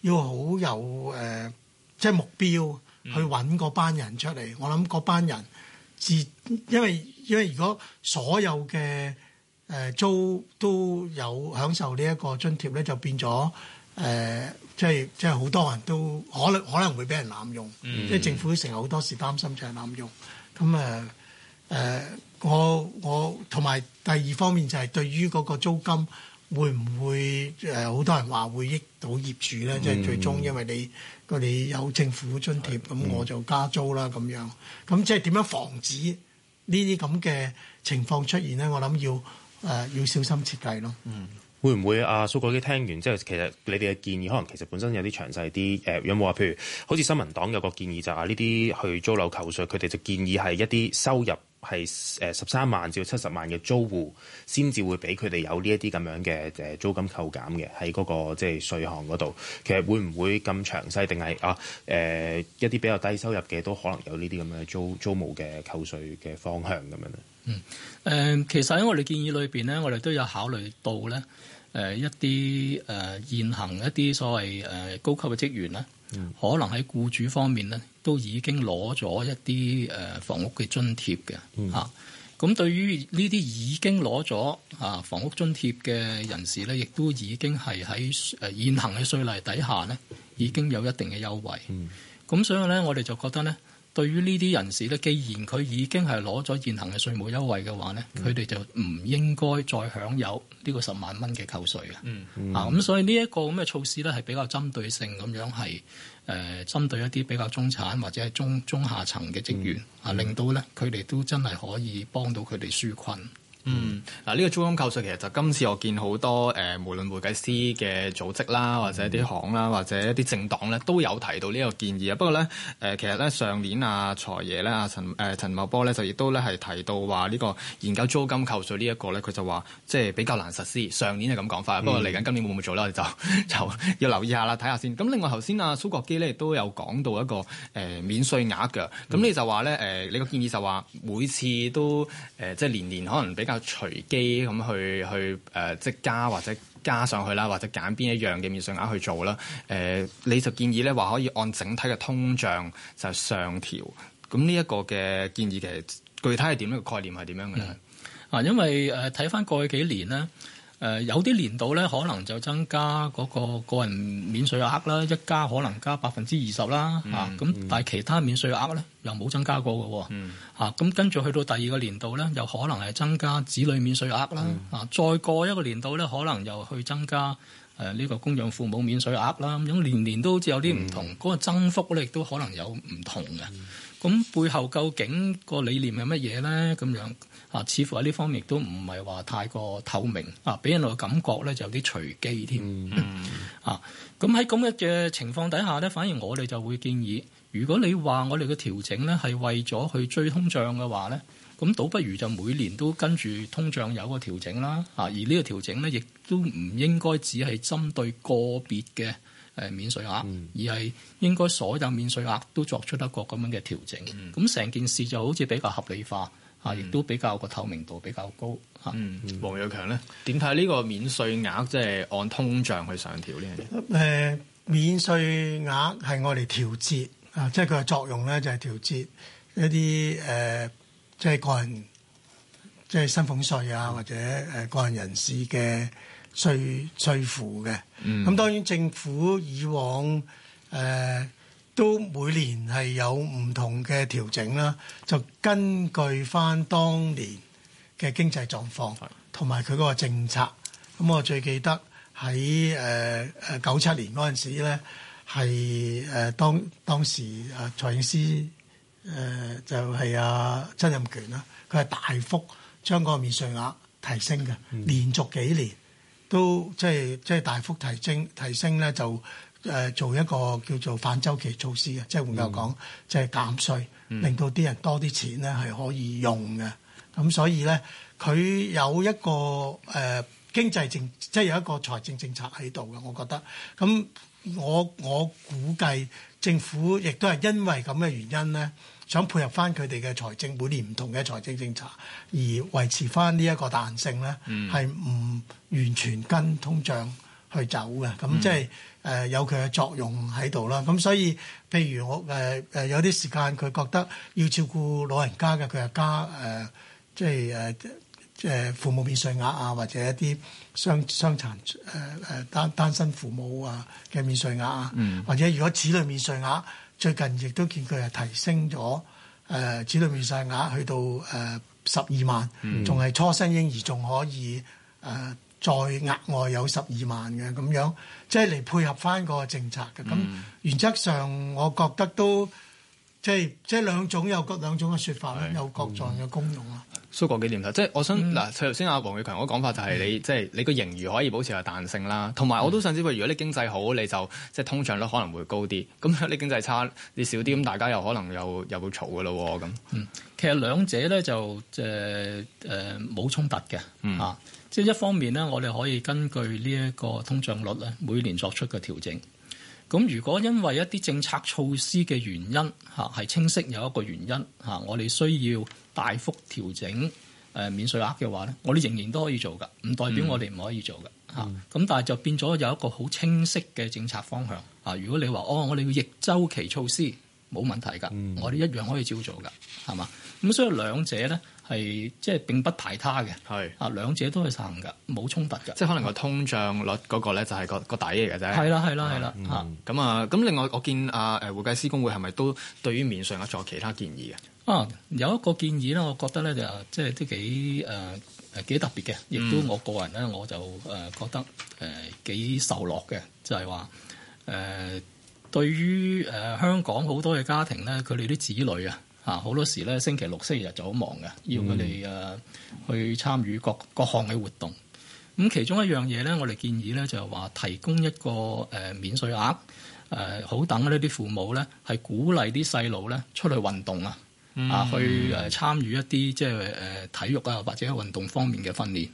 要要好有誒、呃、即係目標去揾嗰班人出嚟。嗯、我諗嗰班人自，因為因為如果所有嘅誒、呃、租都有享受呢一個津貼咧，就變咗誒、呃、即係即係好多人都可能可能會俾人濫用。即係、嗯、政府成日好多時擔心就係濫用咁誒誒。我我同埋第二方面就係對於嗰個租金會唔會誒好、呃、多人話會益到業主咧，即係、嗯、最終因為你佢哋有政府津貼，咁、嗯、我就加租啦咁樣。咁即係點樣防止呢啲咁嘅情況出現咧？我諗要誒、呃、要小心設計咯。嗯，會唔會阿、啊、蘇國基聽完即係其實你哋嘅建議可能其實本身有啲詳細啲誒、呃？有冇話譬如好似新民黨有個建議就係呢啲去租樓求稅，佢哋就建議係一啲收入。係誒十三萬至七十萬嘅租戶，先至會俾佢哋有呢一啲咁樣嘅誒租金扣減嘅喺嗰個即係、就是、稅項嗰度。其實會唔會咁詳細？定係啊誒、呃、一啲比較低收入嘅都可能有呢啲咁嘅租租務嘅扣稅嘅方向咁樣咧？嗯誒、呃，其實喺我哋建議裏邊咧，我哋都有考慮到咧誒、呃、一啲誒、呃、現行一啲所謂誒、呃、高級嘅職員咧。可能喺僱主方面咧，都已經攞咗一啲誒、呃、房屋嘅津貼嘅嚇。咁、嗯啊、對於呢啲已經攞咗啊房屋津貼嘅人士咧，亦都已經係喺、呃、現行嘅稅例底下咧，已經有一定嘅優惠。咁、嗯、所以咧，我哋就覺得咧，對於呢啲人士咧，既然佢已經係攞咗現行嘅稅務優惠嘅話咧，佢哋、嗯、就唔應該再享有呢個十萬蚊嘅扣稅嘅。嗯，啊，咁所以呢一個咁嘅措施咧，係比較針對性咁樣係誒，針對一啲比較中產或者係中中下層嘅職員、嗯、啊，令到咧佢哋都真係可以幫到佢哋紓困。嗯，嗱、這、呢個租金扣稅其實就今次我見好多誒、呃，無論會計師嘅組織啦，或者一啲行啦，或者一啲政黨咧，都有提到呢個建議啊。不過咧，誒、呃、其實咧上年啊財爺咧啊陳誒陳茂波咧就亦都咧係提到話呢個研究租金扣稅呢一個咧，佢就話即係比較難實施。上年係咁講法，不過嚟緊今年會唔會做咧？我哋就 就要留意下啦，睇下先。咁另外頭先阿蘇國基咧亦都有講到一個誒、呃、免稅額嘅，咁你就話咧誒你個建議就話每次都誒、呃、即係年年可能比比較隨機咁去去誒、呃，即係加或者加上去啦，或者揀邊一樣嘅免稅額去做啦。誒、呃，你就建議咧話可以按整體嘅通脹就上調。咁呢一個嘅建議其實具體係點樣咧？這個概念係點樣嘅咧？啊、嗯，因為誒睇翻過去幾年咧。誒有啲年度咧，可能就增加嗰個個人免稅額啦，一加可能加百分之二十啦嚇。咁但係其他免稅額咧又冇增加過嘅喎嚇。咁跟住去到第二個年度咧，又可能係增加子女免稅額啦。啊、嗯，再過一個年度咧，可能又去增加誒呢個供養父母免稅額啦。咁樣年年都好似有啲唔同，嗰、嗯、個增幅咧亦都可能有唔同嘅。咁背後究竟個理念係乜嘢咧？咁樣、嗯 嗯、啊，似乎喺呢方面亦都唔係話太過透明啊，俾人個感覺咧就有啲隨機添。啊，咁喺咁嘅嘅情況底下咧，反而我哋就會建議，如果你話我哋嘅調整咧係為咗去追通脹嘅話咧，咁倒不如就每年都跟住通脹有個調整啦。啊，而呢個調整咧，亦都唔應該只係針對個別嘅。誒免稅額，而係應該所有免稅額都作出一個咁樣嘅調整，咁成、嗯、件事就好似比較合理化嚇，亦都、嗯、比較個透明度比較高嚇。王銳、嗯、強咧，點睇呢個免稅額即係、就是、按通脹去上調呢樣嘢？誒、呃，免稅額係我哋調節啊，即係佢嘅作用咧就係、是、調節一啲誒，即、呃、係、就是、個人，即係薪俸稅啊，嗯、或者誒個人人士嘅。稅稅負嘅，嗯，咁當然政府以往誒、呃、都每年係有唔同嘅調整啦，就根據翻當年嘅經濟狀況同埋佢嗰個政策。咁、嗯、我最記得喺誒誒九七年嗰陣時咧，係誒、呃、當當時誒財政司誒就係、是、啊曾蔭權啦，佢係大幅將個免稅額提升嘅，嗯、連續幾年。都即係即係大幅提升提升咧，就誒做一個叫做反周期措施嘅，mm. 即係換句講，即係減稅，令到啲人多啲錢咧係可以用嘅。咁所以咧，佢有一個誒、呃、經濟政，即、就、係、是、有一個財政政策喺度嘅，我覺得。咁我我估計政府亦都係因為咁嘅原因咧。想配合翻佢哋嘅財政每年唔同嘅財政政策，而維持翻呢一個彈性咧，係唔、嗯、完全跟通脹去走嘅。咁、嗯、即係誒有佢嘅作用喺度啦。咁所以，譬如我誒誒有啲時間，佢覺得要照顧老人家嘅，佢又加誒即係誒誒父母免稅額啊，或者一啲傷傷殘誒誒、呃、單單身父母啊嘅免稅額啊，嗯、或者如果子女免稅額。最近亦都見佢係提升咗誒，子、呃、女免稅額去到誒十二萬，仲係、嗯、初生嬰兒仲可以誒、呃、再額外有十二萬嘅咁樣，即係嚟配合翻個政策嘅。咁、嗯、原則上，我覺得都即係即係兩種有各兩種嘅說法啦，有各樣嘅功用啦。嗯嗯蘇過幾年頭，即係我想嗱，頭先阿王銳強個講法就係你即係、嗯、你個盈餘可以保持下彈性啦，同埋我都想知，如果你經濟好，你就即係通脹率可能會高啲。咁你啲經濟差，你少啲，咁、嗯、大家又可能又又會吵噶咯咁。嗯，其實兩者咧就誒誒冇衝突嘅，嚇、嗯，即係、啊、一方面咧，我哋可以根據呢一個通脹率咧每年作出嘅調整。咁如果因為一啲政策措施嘅原因嚇係、啊、清晰有一個原因嚇、啊，我哋需要大幅調整誒免稅額嘅話咧，我哋仍然都可以做噶，唔代表我哋唔可以做噶嚇。咁但係就變咗有一個好清晰嘅政策方向嚇。如果你話哦，我哋要逆週期措施，冇問題噶，我哋一樣可以照做噶，係嘛？咁所以兩者咧係即係並不排他嘅係啊，兩者都係實行噶，冇衝突噶。即係可能個通脹率嗰個咧就係個個底嚟嘅啫。係啦，係啦，係啦嚇。咁啊，咁另外我見阿誒會計師公會係咪都對於免稅額仲有其他建議嘅？啊，有一個建議咧，我覺得咧就即係都幾誒幾特別嘅，亦都我個人咧我就誒覺得誒幾、呃、受落嘅，就係話誒對於誒、呃、香港好多嘅家庭咧，佢哋啲子女啊嚇好多時咧星期六星期日就好忙嘅，要佢哋誒去參與各各項嘅活動。咁其中一樣嘢咧，我哋建議咧就係話提供一個誒、呃、免稅額誒，好等呢啲父母咧係鼓勵啲細路咧出去運動啊。啊，去誒參與一啲即係誒、呃、體育啊，或者運動方面嘅訓練。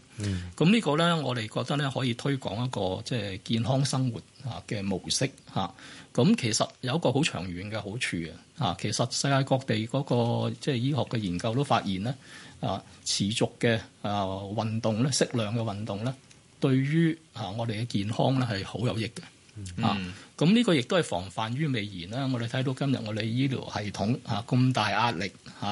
咁、嗯、呢個咧，我哋覺得咧可以推廣一個即係健康生活啊嘅模式嚇。咁、啊、其實有一個好長遠嘅好處啊。啊，其實世界各地嗰個即係醫學嘅研究都發現咧，啊持續嘅啊運動咧，適量嘅運動咧，對於啊我哋嘅健康咧係好有益嘅。啊，咁呢、嗯嗯、個亦都係防範於未然啦。我哋睇到今日我哋醫療系統啊咁大壓力嚇，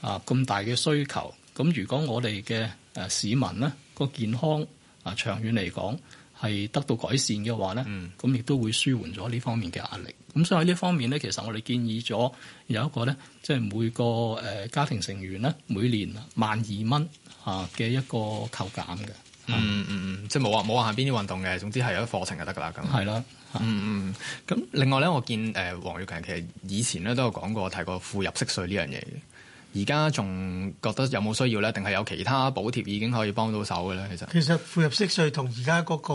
啊咁大嘅需求。咁如果我哋嘅誒市民呢個健康啊長遠嚟講係得到改善嘅話咧，咁亦都會舒緩咗呢方面嘅壓力。咁所以喺呢方面咧，其實我哋建議咗有一個咧，即、就、係、是、每個誒家庭成員咧每年萬二蚊嚇嘅一個扣減嘅。嗯嗯嗯，即係冇話冇話，下邊啲運動嘅，總之係有啲課程就得噶啦。咁係啦，嗯嗯。咁另外咧，我見誒，王銳強其實以前咧都有講過提過負入息稅呢樣嘢，而家仲覺得有冇需要咧？定係有其他補貼已經可以幫到手嘅咧？其實其實負入息稅同而家嗰個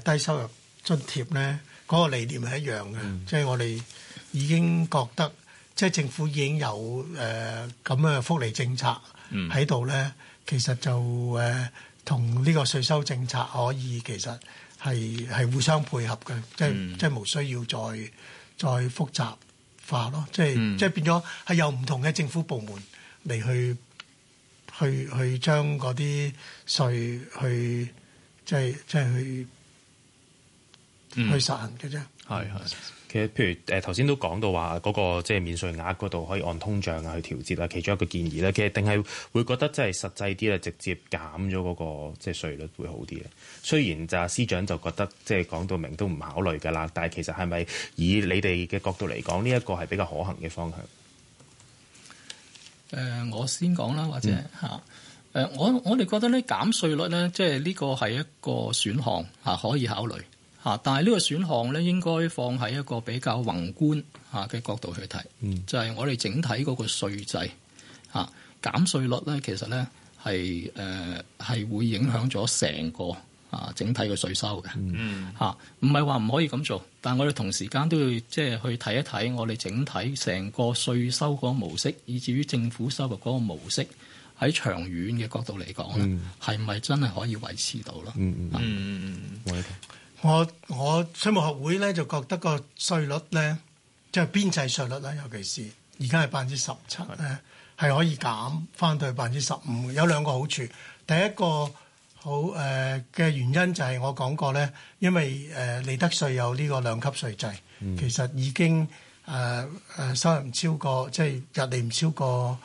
誒低收入津貼咧，嗰、那個理念係一樣嘅，即係、嗯、我哋已經覺得、嗯、即係政府已經有誒咁嘅福利政策喺度咧，嗯、其實就誒。呃同呢個稅收政策可以其實係係互相配合嘅，嗯，即係即係冇需要再再複雜化咯，即係、嗯、即係變咗係有唔同嘅政府部門嚟去去去將嗰啲稅去即係即係去、嗯、去實行嘅啫。係係。其實，譬如誒頭先都講到話嗰個即係免稅額嗰度可以按通脹啊去調節啊，其中一個建議咧，其實定係會覺得即係實際啲咧，直接減咗嗰個即係稅率會好啲咧。雖然就司長就覺得即係講到明都唔考慮噶啦，但係其實係咪以你哋嘅角度嚟講，呢一個係比較可行嘅方向？誒，我先講啦，或者嚇誒、嗯呃，我我哋覺得咧，減稅率咧，即係呢個係一個選項嚇、啊，可以考慮。啊！但係呢個選項咧，應該放喺一個比較宏觀啊嘅角度去睇，嗯、就係我哋整體嗰個稅制啊減稅率咧，其實咧係誒係會影響咗成個啊整，整體嘅稅收嘅。嚇唔係話唔可以咁做，但係我哋同時間都要即係去睇一睇我哋整體成個稅收嗰個模式，以至於政府收入嗰個模式喺長遠嘅角度嚟講咧，係咪、嗯、真係可以維持到咧、嗯？嗯嗯嗯，我有同。我我稅務學會咧就覺得個稅率咧即係邊際稅率啦，尤其是而家係百分之十七咧，係是的 可以減翻到百分之十五。有兩個好處，第一個好誒、呃、嘅原因就係我講過咧，因為誒、呃、利得稅有呢個兩級稅制，嗯、其實已經誒、呃、誒收入唔超過即係日利唔超過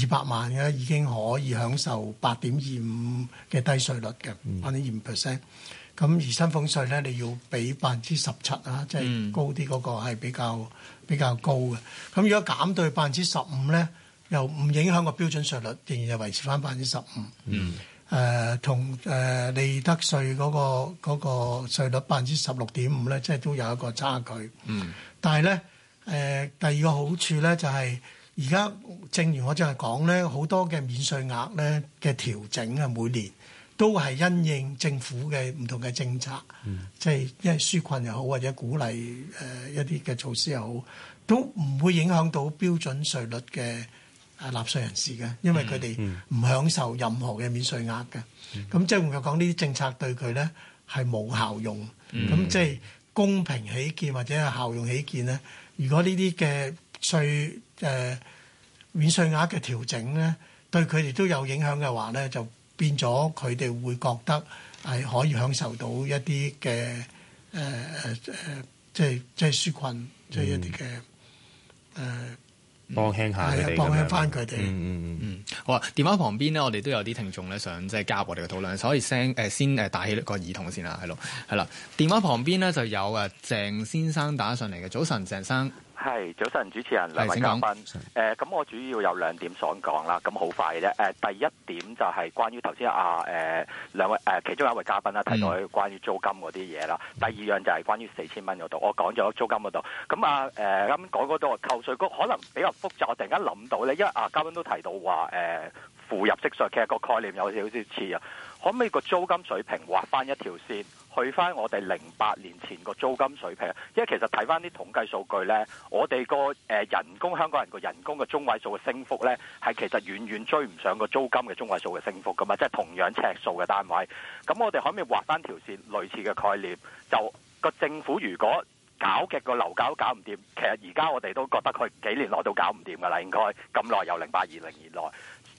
二百萬嘅，已經可以享受八點二五嘅低稅率嘅八點二五 percent。咁而薪俸稅咧，你要俾百分之十七啊，即係高啲嗰個係比較比較高嘅。咁如果減到去百分之十五咧，又唔影響個標準稅率，仍然係維持翻百分之十五。嗯、mm. 呃。誒，同誒利得稅嗰個嗰個稅率百分之十六點五咧，即係都有一個差距。嗯、mm。但係咧，誒第二個好處咧，就係，就係而家正如我即係講咧，好多嘅免稅額咧嘅調整啊，每年。都係因應政府嘅唔同嘅政策，即係、嗯、因為紓困又好，或者鼓勵誒、呃、一啲嘅措施又好，都唔會影響到標準稅率嘅納稅人士嘅，因為佢哋唔享受任何嘅免稅額嘅。咁、嗯嗯、即係換句講，呢啲政策對佢咧係冇效用。咁、嗯、即係公平起見，或者係效用起見咧，如果呢啲嘅稅誒免稅額嘅調整咧，對佢哋都有影響嘅話咧，就。變咗，佢哋會覺得係可以享受到一啲嘅誒誒誒，即係即係紓困，即係一啲嘅誒。呃、幫輕下係對，幫輕翻佢哋。嗯嗯嗯。嗯、嗯好啊。電話旁邊咧，我哋都有啲聽眾咧，想即係加入我哋嘅討論，所以先誒、呃、先誒打起個耳筒先啦，係咯，係啦。電話旁邊咧就有啊，鄭先生打上嚟嘅。早晨，鄭生。係早晨，主持人兩位嘉賓。誒，咁、呃、我主要有兩點想講啦。咁好快嘅啫。誒、呃，第一點就係關於頭先阿誒兩位誒、呃、其中一位嘉賓啦，提到佢關於租金嗰啲嘢啦。嗯、第二樣就係關於四千蚊嗰度，我講咗租金嗰度。咁啊，誒、呃，啱講嗰度扣稅局可能比較複雜。我突然間諗到咧，因為阿嘉賓都提到話誒。呃付入息稅，其實個概念有少少似啊。可唔可以個租金水平畫翻一條線，去翻我哋零八年前個租金水平？因為其實睇翻啲統計數據呢，我哋、個誒、呃、人工香港人個人工嘅中位數嘅升幅呢，係其實遠遠追唔上個租金嘅中位數嘅升幅噶嘛，即係同樣尺數嘅單位。咁我哋可唔可以畫翻條線，類似嘅概念？就個政府如果搞嘅個樓價都搞唔掂，其實而家我哋都覺得佢幾年內都搞唔掂噶啦，應該咁耐又零八二零年內。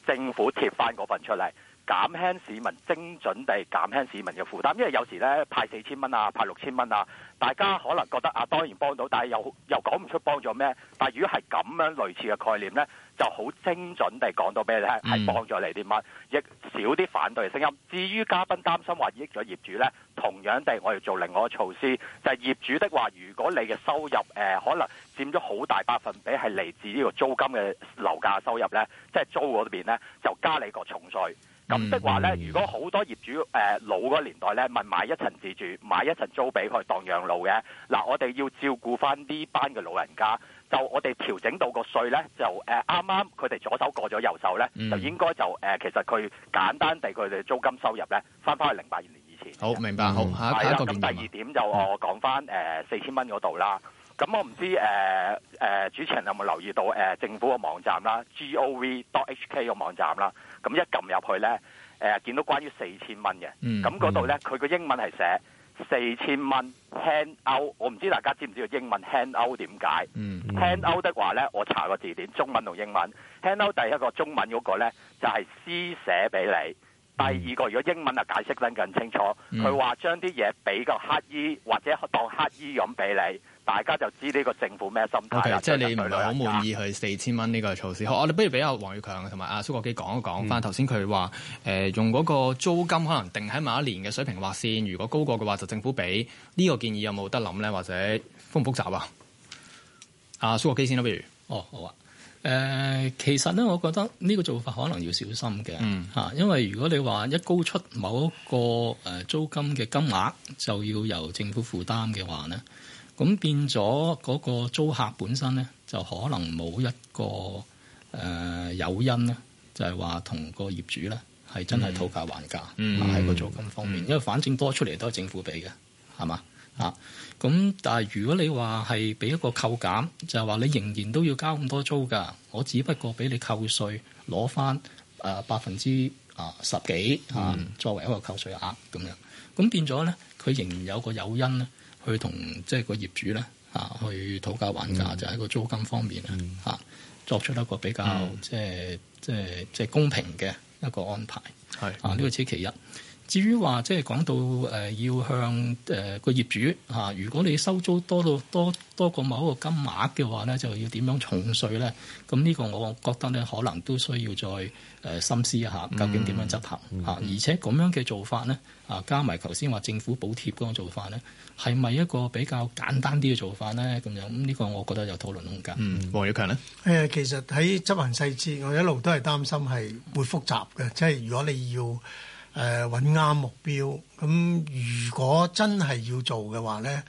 政府貼返嗰份出嚟，減輕市民，精準地減輕市民嘅負擔，因為有時咧派四千蚊啊，派六千蚊啊，大家可能覺得啊當然幫到，但係又又講唔出幫咗咩。但係如果係咁樣類似嘅概念咧。就好精準地講到俾你聽，係幫助你啲乜，亦少啲反對聲音。至於嘉賓擔心話益咗業主呢，同樣地，我哋做另外一個措施，就係、是、業主的話，如果你嘅收入誒、呃、可能佔咗好大百分比係嚟自呢個租金嘅樓價收入呢，即係租嗰邊咧，就加你個重稅。咁的係話咧，呢嗯嗯、如果好多業主誒、呃、老嗰年代呢，咪買一層自住，買一層租俾佢當養老嘅，嗱、啊、我哋要照顧翻呢班嘅老人家。就我哋調整到個稅咧，就誒啱啱佢哋左手過咗右手咧，嗯、就應該就誒、呃、其實佢簡單地佢哋租金收入咧，返返去零八年年以前好。好明白，好下，了下一個，咁第二點就我講返誒四千蚊嗰度啦。咁、嗯嗯、我唔知誒誒主持人有冇留意到誒、呃、政府嘅網站啦，gov dot hk 嘅網站啦。咁一撳入去咧，誒、呃、見到關於四千蚊嘅。咁嗰度咧，佢個英文係寫。四千蚊 handout，我唔知大家知唔知道英文 handout 點解？handout 的話咧，我查個字典，中文同英文 handout 第一個中文嗰個咧就係施捨俾你，第二個如果英文啊解釋得更清楚，佢話將啲嘢俾個乞衣或者當乞衣咁俾你。大家就知呢個政府咩心態啦。Okay, 啊、即係你唔係好滿意佢四千蚊呢個措施。我、嗯、你不如俾阿王銳強同埋阿蘇國基講一講翻頭先佢話誒，用嗰個租金可能定喺某一年嘅水平劃線。如果高過嘅話，就政府俾呢、這個建議有冇得諗咧？或者複唔複雜啊？阿蘇國基先啦，不如哦好啊。誒、呃，其實咧，我覺得呢個做法可能要小心嘅吓，嗯、因為如果你話一高出某一個誒租金嘅金額就要由政府負擔嘅話咧。咁變咗嗰個租客本身咧，就可能冇一個誒、呃、誘因咧，就係話同個業主咧係真係討價還價喺、嗯、個租金方面，嗯、因為反正多出嚟都係政府俾嘅，係嘛、嗯、啊？咁但係如果你話係俾一個扣減，就係、是、話你仍然都要交咁多租㗎，我只不過俾你扣稅攞翻誒百分之啊十幾啊作為一個扣稅額咁樣，咁變咗咧，佢仍然有個誘因咧。去同即係個業主咧嚇去討價還價，嗯、就喺個租金方面啊嚇、嗯、作出一個比較、嗯、即係即係即係公平嘅一個安排係是啊呢個此其一。至於話即係講到誒、呃，要向誒個、呃、業主嚇、啊，如果你收租多到多多過某一個金額嘅話呢就要點樣重稅呢？咁呢個我覺得呢，可能都需要再誒、呃、深思一下，究竟點樣執行嚇？嗯嗯、而且咁樣嘅做法呢，啊加埋頭先話政府補貼嗰個做法呢，係咪一個比較簡單啲嘅做法呢？咁樣呢個我覺得有討論空間。嗯，王銳強咧其實喺執行細節，我一路都係擔心係會複雜嘅，即、就、係、是、如果你要。誒，揾啱目標。咁，如果真係要做嘅話咧，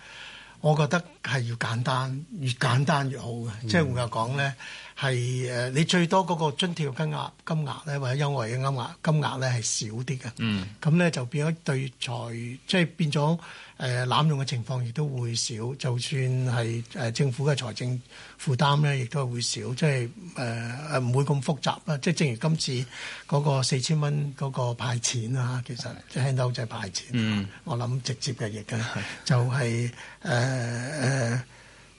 我覺得係要簡單，越簡單越好嘅，即係換句講咧。係誒、呃，你最多嗰個津貼金額金額咧，或者優惠嘅金額金額咧，係少啲嘅。嗯，咁咧就變咗對財，即係變咗誒、呃、濫用嘅情況亦都會少。就算係誒、呃、政府嘅財政負擔咧，亦都係會少，mm. 即係誒唔會咁複雜啦。即係正如今次嗰個四千蚊嗰個派錢啦嚇，其實輕到就係派錢。嗯，我諗直接嘅嘢嘅就係誒誒。呃呃呃呃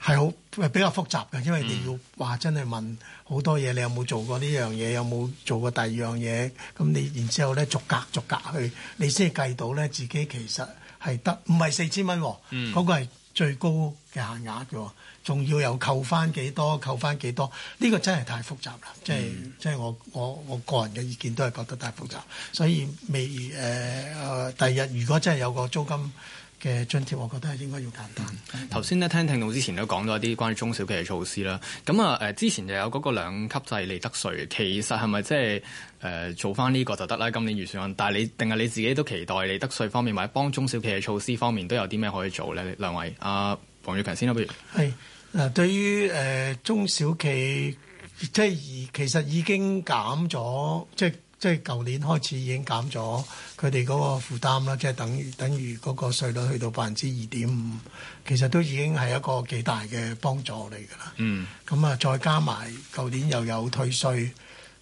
係好比較複雜嘅，因為你要話真係問好多嘢，你有冇做過呢樣嘢，有冇做過第二樣嘢？咁你然之後咧逐格逐格去，你先計到咧自己其實係得唔係四千蚊？嗰、那個係最高嘅限額嘅，仲要有扣翻幾多，扣翻幾多？呢、這個真係太複雜啦！即係、mm. 即係我我我個人嘅意見都係覺得太複雜，所以未誒誒第二日如果真係有個租金。嘅津貼，我覺得係應該要簡單。頭先咧聽聽到之前都講咗一啲關於中小企嘅措施啦。咁啊誒，之前就有嗰個兩級制利得稅，其實係咪即係誒做翻呢個就得啦？今年預算案，但係你定係你自己都期待利得稅方面或者幫中小企嘅措施方面都有啲咩可以做咧？兩位阿黃玉強先啦，不如係嗱，對於誒、呃、中小企即係而其實已經減咗即。即係舊年開始已經減咗佢哋嗰個負擔啦，即係等於等於嗰個稅率去到百分之二點五，其實都已經係一個幾大嘅幫助嚟㗎啦。嗯，咁啊，再加埋舊年又有退稅，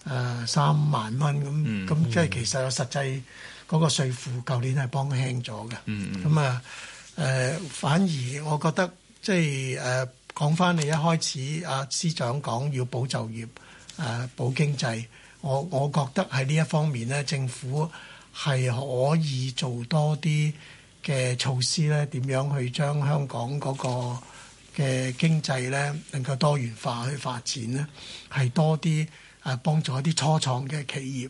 誒三萬蚊咁，咁即係其實有實際嗰個稅負，舊年係幫輕咗嘅、嗯。嗯咁啊，誒反而我覺得即係誒講翻你一開始阿司長講要保就業，誒保經濟。我我覺得喺呢一方面咧，政府係可以做多啲嘅措施咧，點樣去將香港嗰個嘅經濟咧能夠多元化去發展咧，係多啲誒幫助一啲初創嘅企業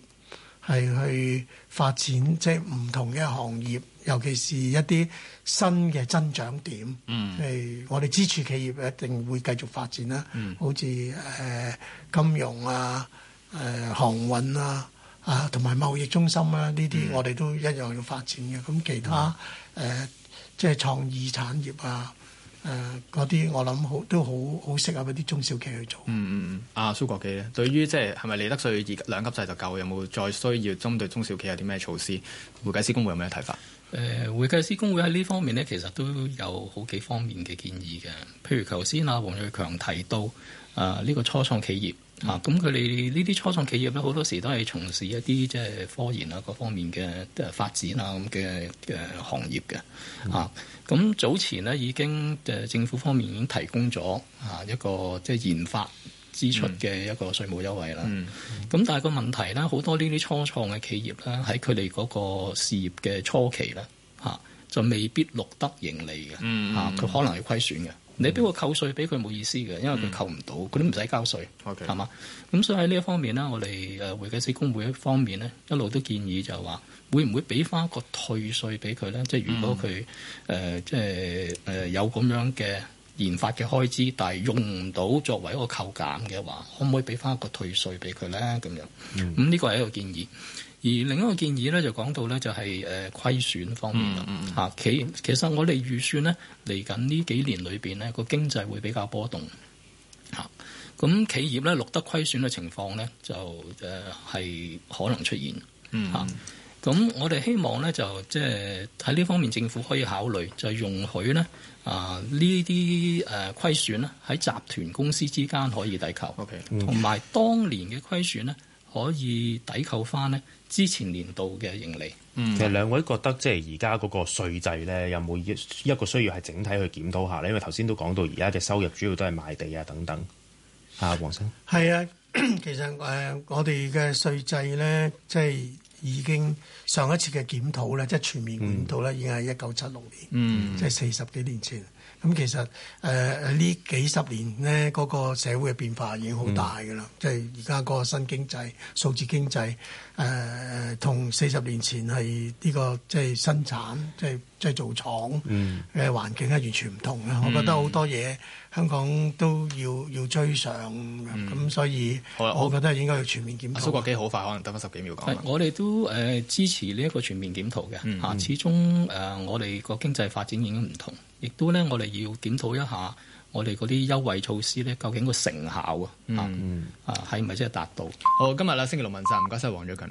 係去發展即係唔同嘅行業，尤其是一啲新嘅增長點。嗯、mm.，係我哋支柱企業一定會繼續發展啦。Mm. 好似誒、呃、金融啊。誒、呃、航運啊，啊同埋貿易中心啊，呢啲我哋都一樣要發展嘅。咁、嗯、其他誒、呃，即係創意產業啊，誒嗰啲我諗好都好好適合嗰啲中小企去做。嗯嗯嗯。啊，蘇國基咧，對於即係係咪利得稅二兩級制就夠？有冇再需要針對中小企有啲咩措施？會計師公會有咩睇法？誒、呃，會計師公會喺呢方面咧，其實都有好幾方面嘅建議嘅。譬如頭先阿王銳強提到啊，呢、啊這個初創企業。啊，咁佢哋呢啲初創企業咧，好多時都係從事一啲即係科研、嗯、啊，各方面嘅發展啊咁嘅誒行業嘅，嚇。咁早前咧已經誒政府方面已經提供咗啊一個即係研發支出嘅一個稅務優惠啦。咁、嗯嗯、但係個問題咧，好多呢啲初創嘅企業咧喺佢哋嗰個事業嘅初期咧嚇、啊，就未必錄得盈利嘅，嚇、啊、佢可能係虧損嘅。嗯、你俾個扣稅俾佢冇意思嘅，因為佢扣唔到，佢都唔使交稅，係嘛 Okay.？咁所以喺呢一方面咧，我哋誒、呃、會計師公會方面呢，一路都建議就話，會唔會俾翻一個退稅俾佢咧？即係如果佢誒即係誒有咁樣嘅研發嘅開支，但係用唔到作為一個扣減嘅話，可唔可以俾翻一個退稅俾佢咧？咁樣，咁呢個係一個建議。而另一個建議咧，就講到咧，就係誒虧損方面嚇。其、嗯嗯、其實我哋預算呢，嚟緊呢幾年裏邊呢個經濟會比較波動嚇，咁、嗯嗯、企業咧錄得虧損嘅情況咧就誒係、呃、可能出現嚇。咁、嗯嗯嗯、我哋希望咧就即係喺呢方面政府可以考慮就容許咧啊呢啲誒、呃呃、虧損咧喺集團公司之間可以抵扣，同埋、嗯嗯、當年嘅虧損咧可以抵扣返咧。之前年度嘅盈利，嗯、其實兩位覺得即係而家嗰個稅制咧，有冇一一個需要係整體去檢討下咧？因為頭先都講到而家嘅收入主要都係賣地啊等等。啊，黃生，係啊，其實誒、呃，我哋嘅稅制咧，即係已經上一次嘅檢討咧，即係全面檢討咧，已經係一九七六年，即係四十幾年前。咁其實誒呢幾十年咧，嗰個社會嘅變化已經好大㗎啦。即係而家嗰個新經濟、數字經濟誒、呃，同四十年前係呢個即係生產、即係即係做廠嘅環境係完全唔同啦。Um, 我覺得好多嘢香港都要要追上咁，所以我覺得應該要全面檢討。蘇國基，好快，可能得翻十幾秒講。我哋都誒支持呢一個全面檢討嘅嚇。始終誒我哋個經濟發展已經唔同。亦都咧，我哋要檢討一下我哋啲優惠措施咧，究竟個成效、嗯、啊？啊，係係咪真係達到？好、嗯嗯哦，今日啦，星期六晚十點唔該晒王銳強。謝謝。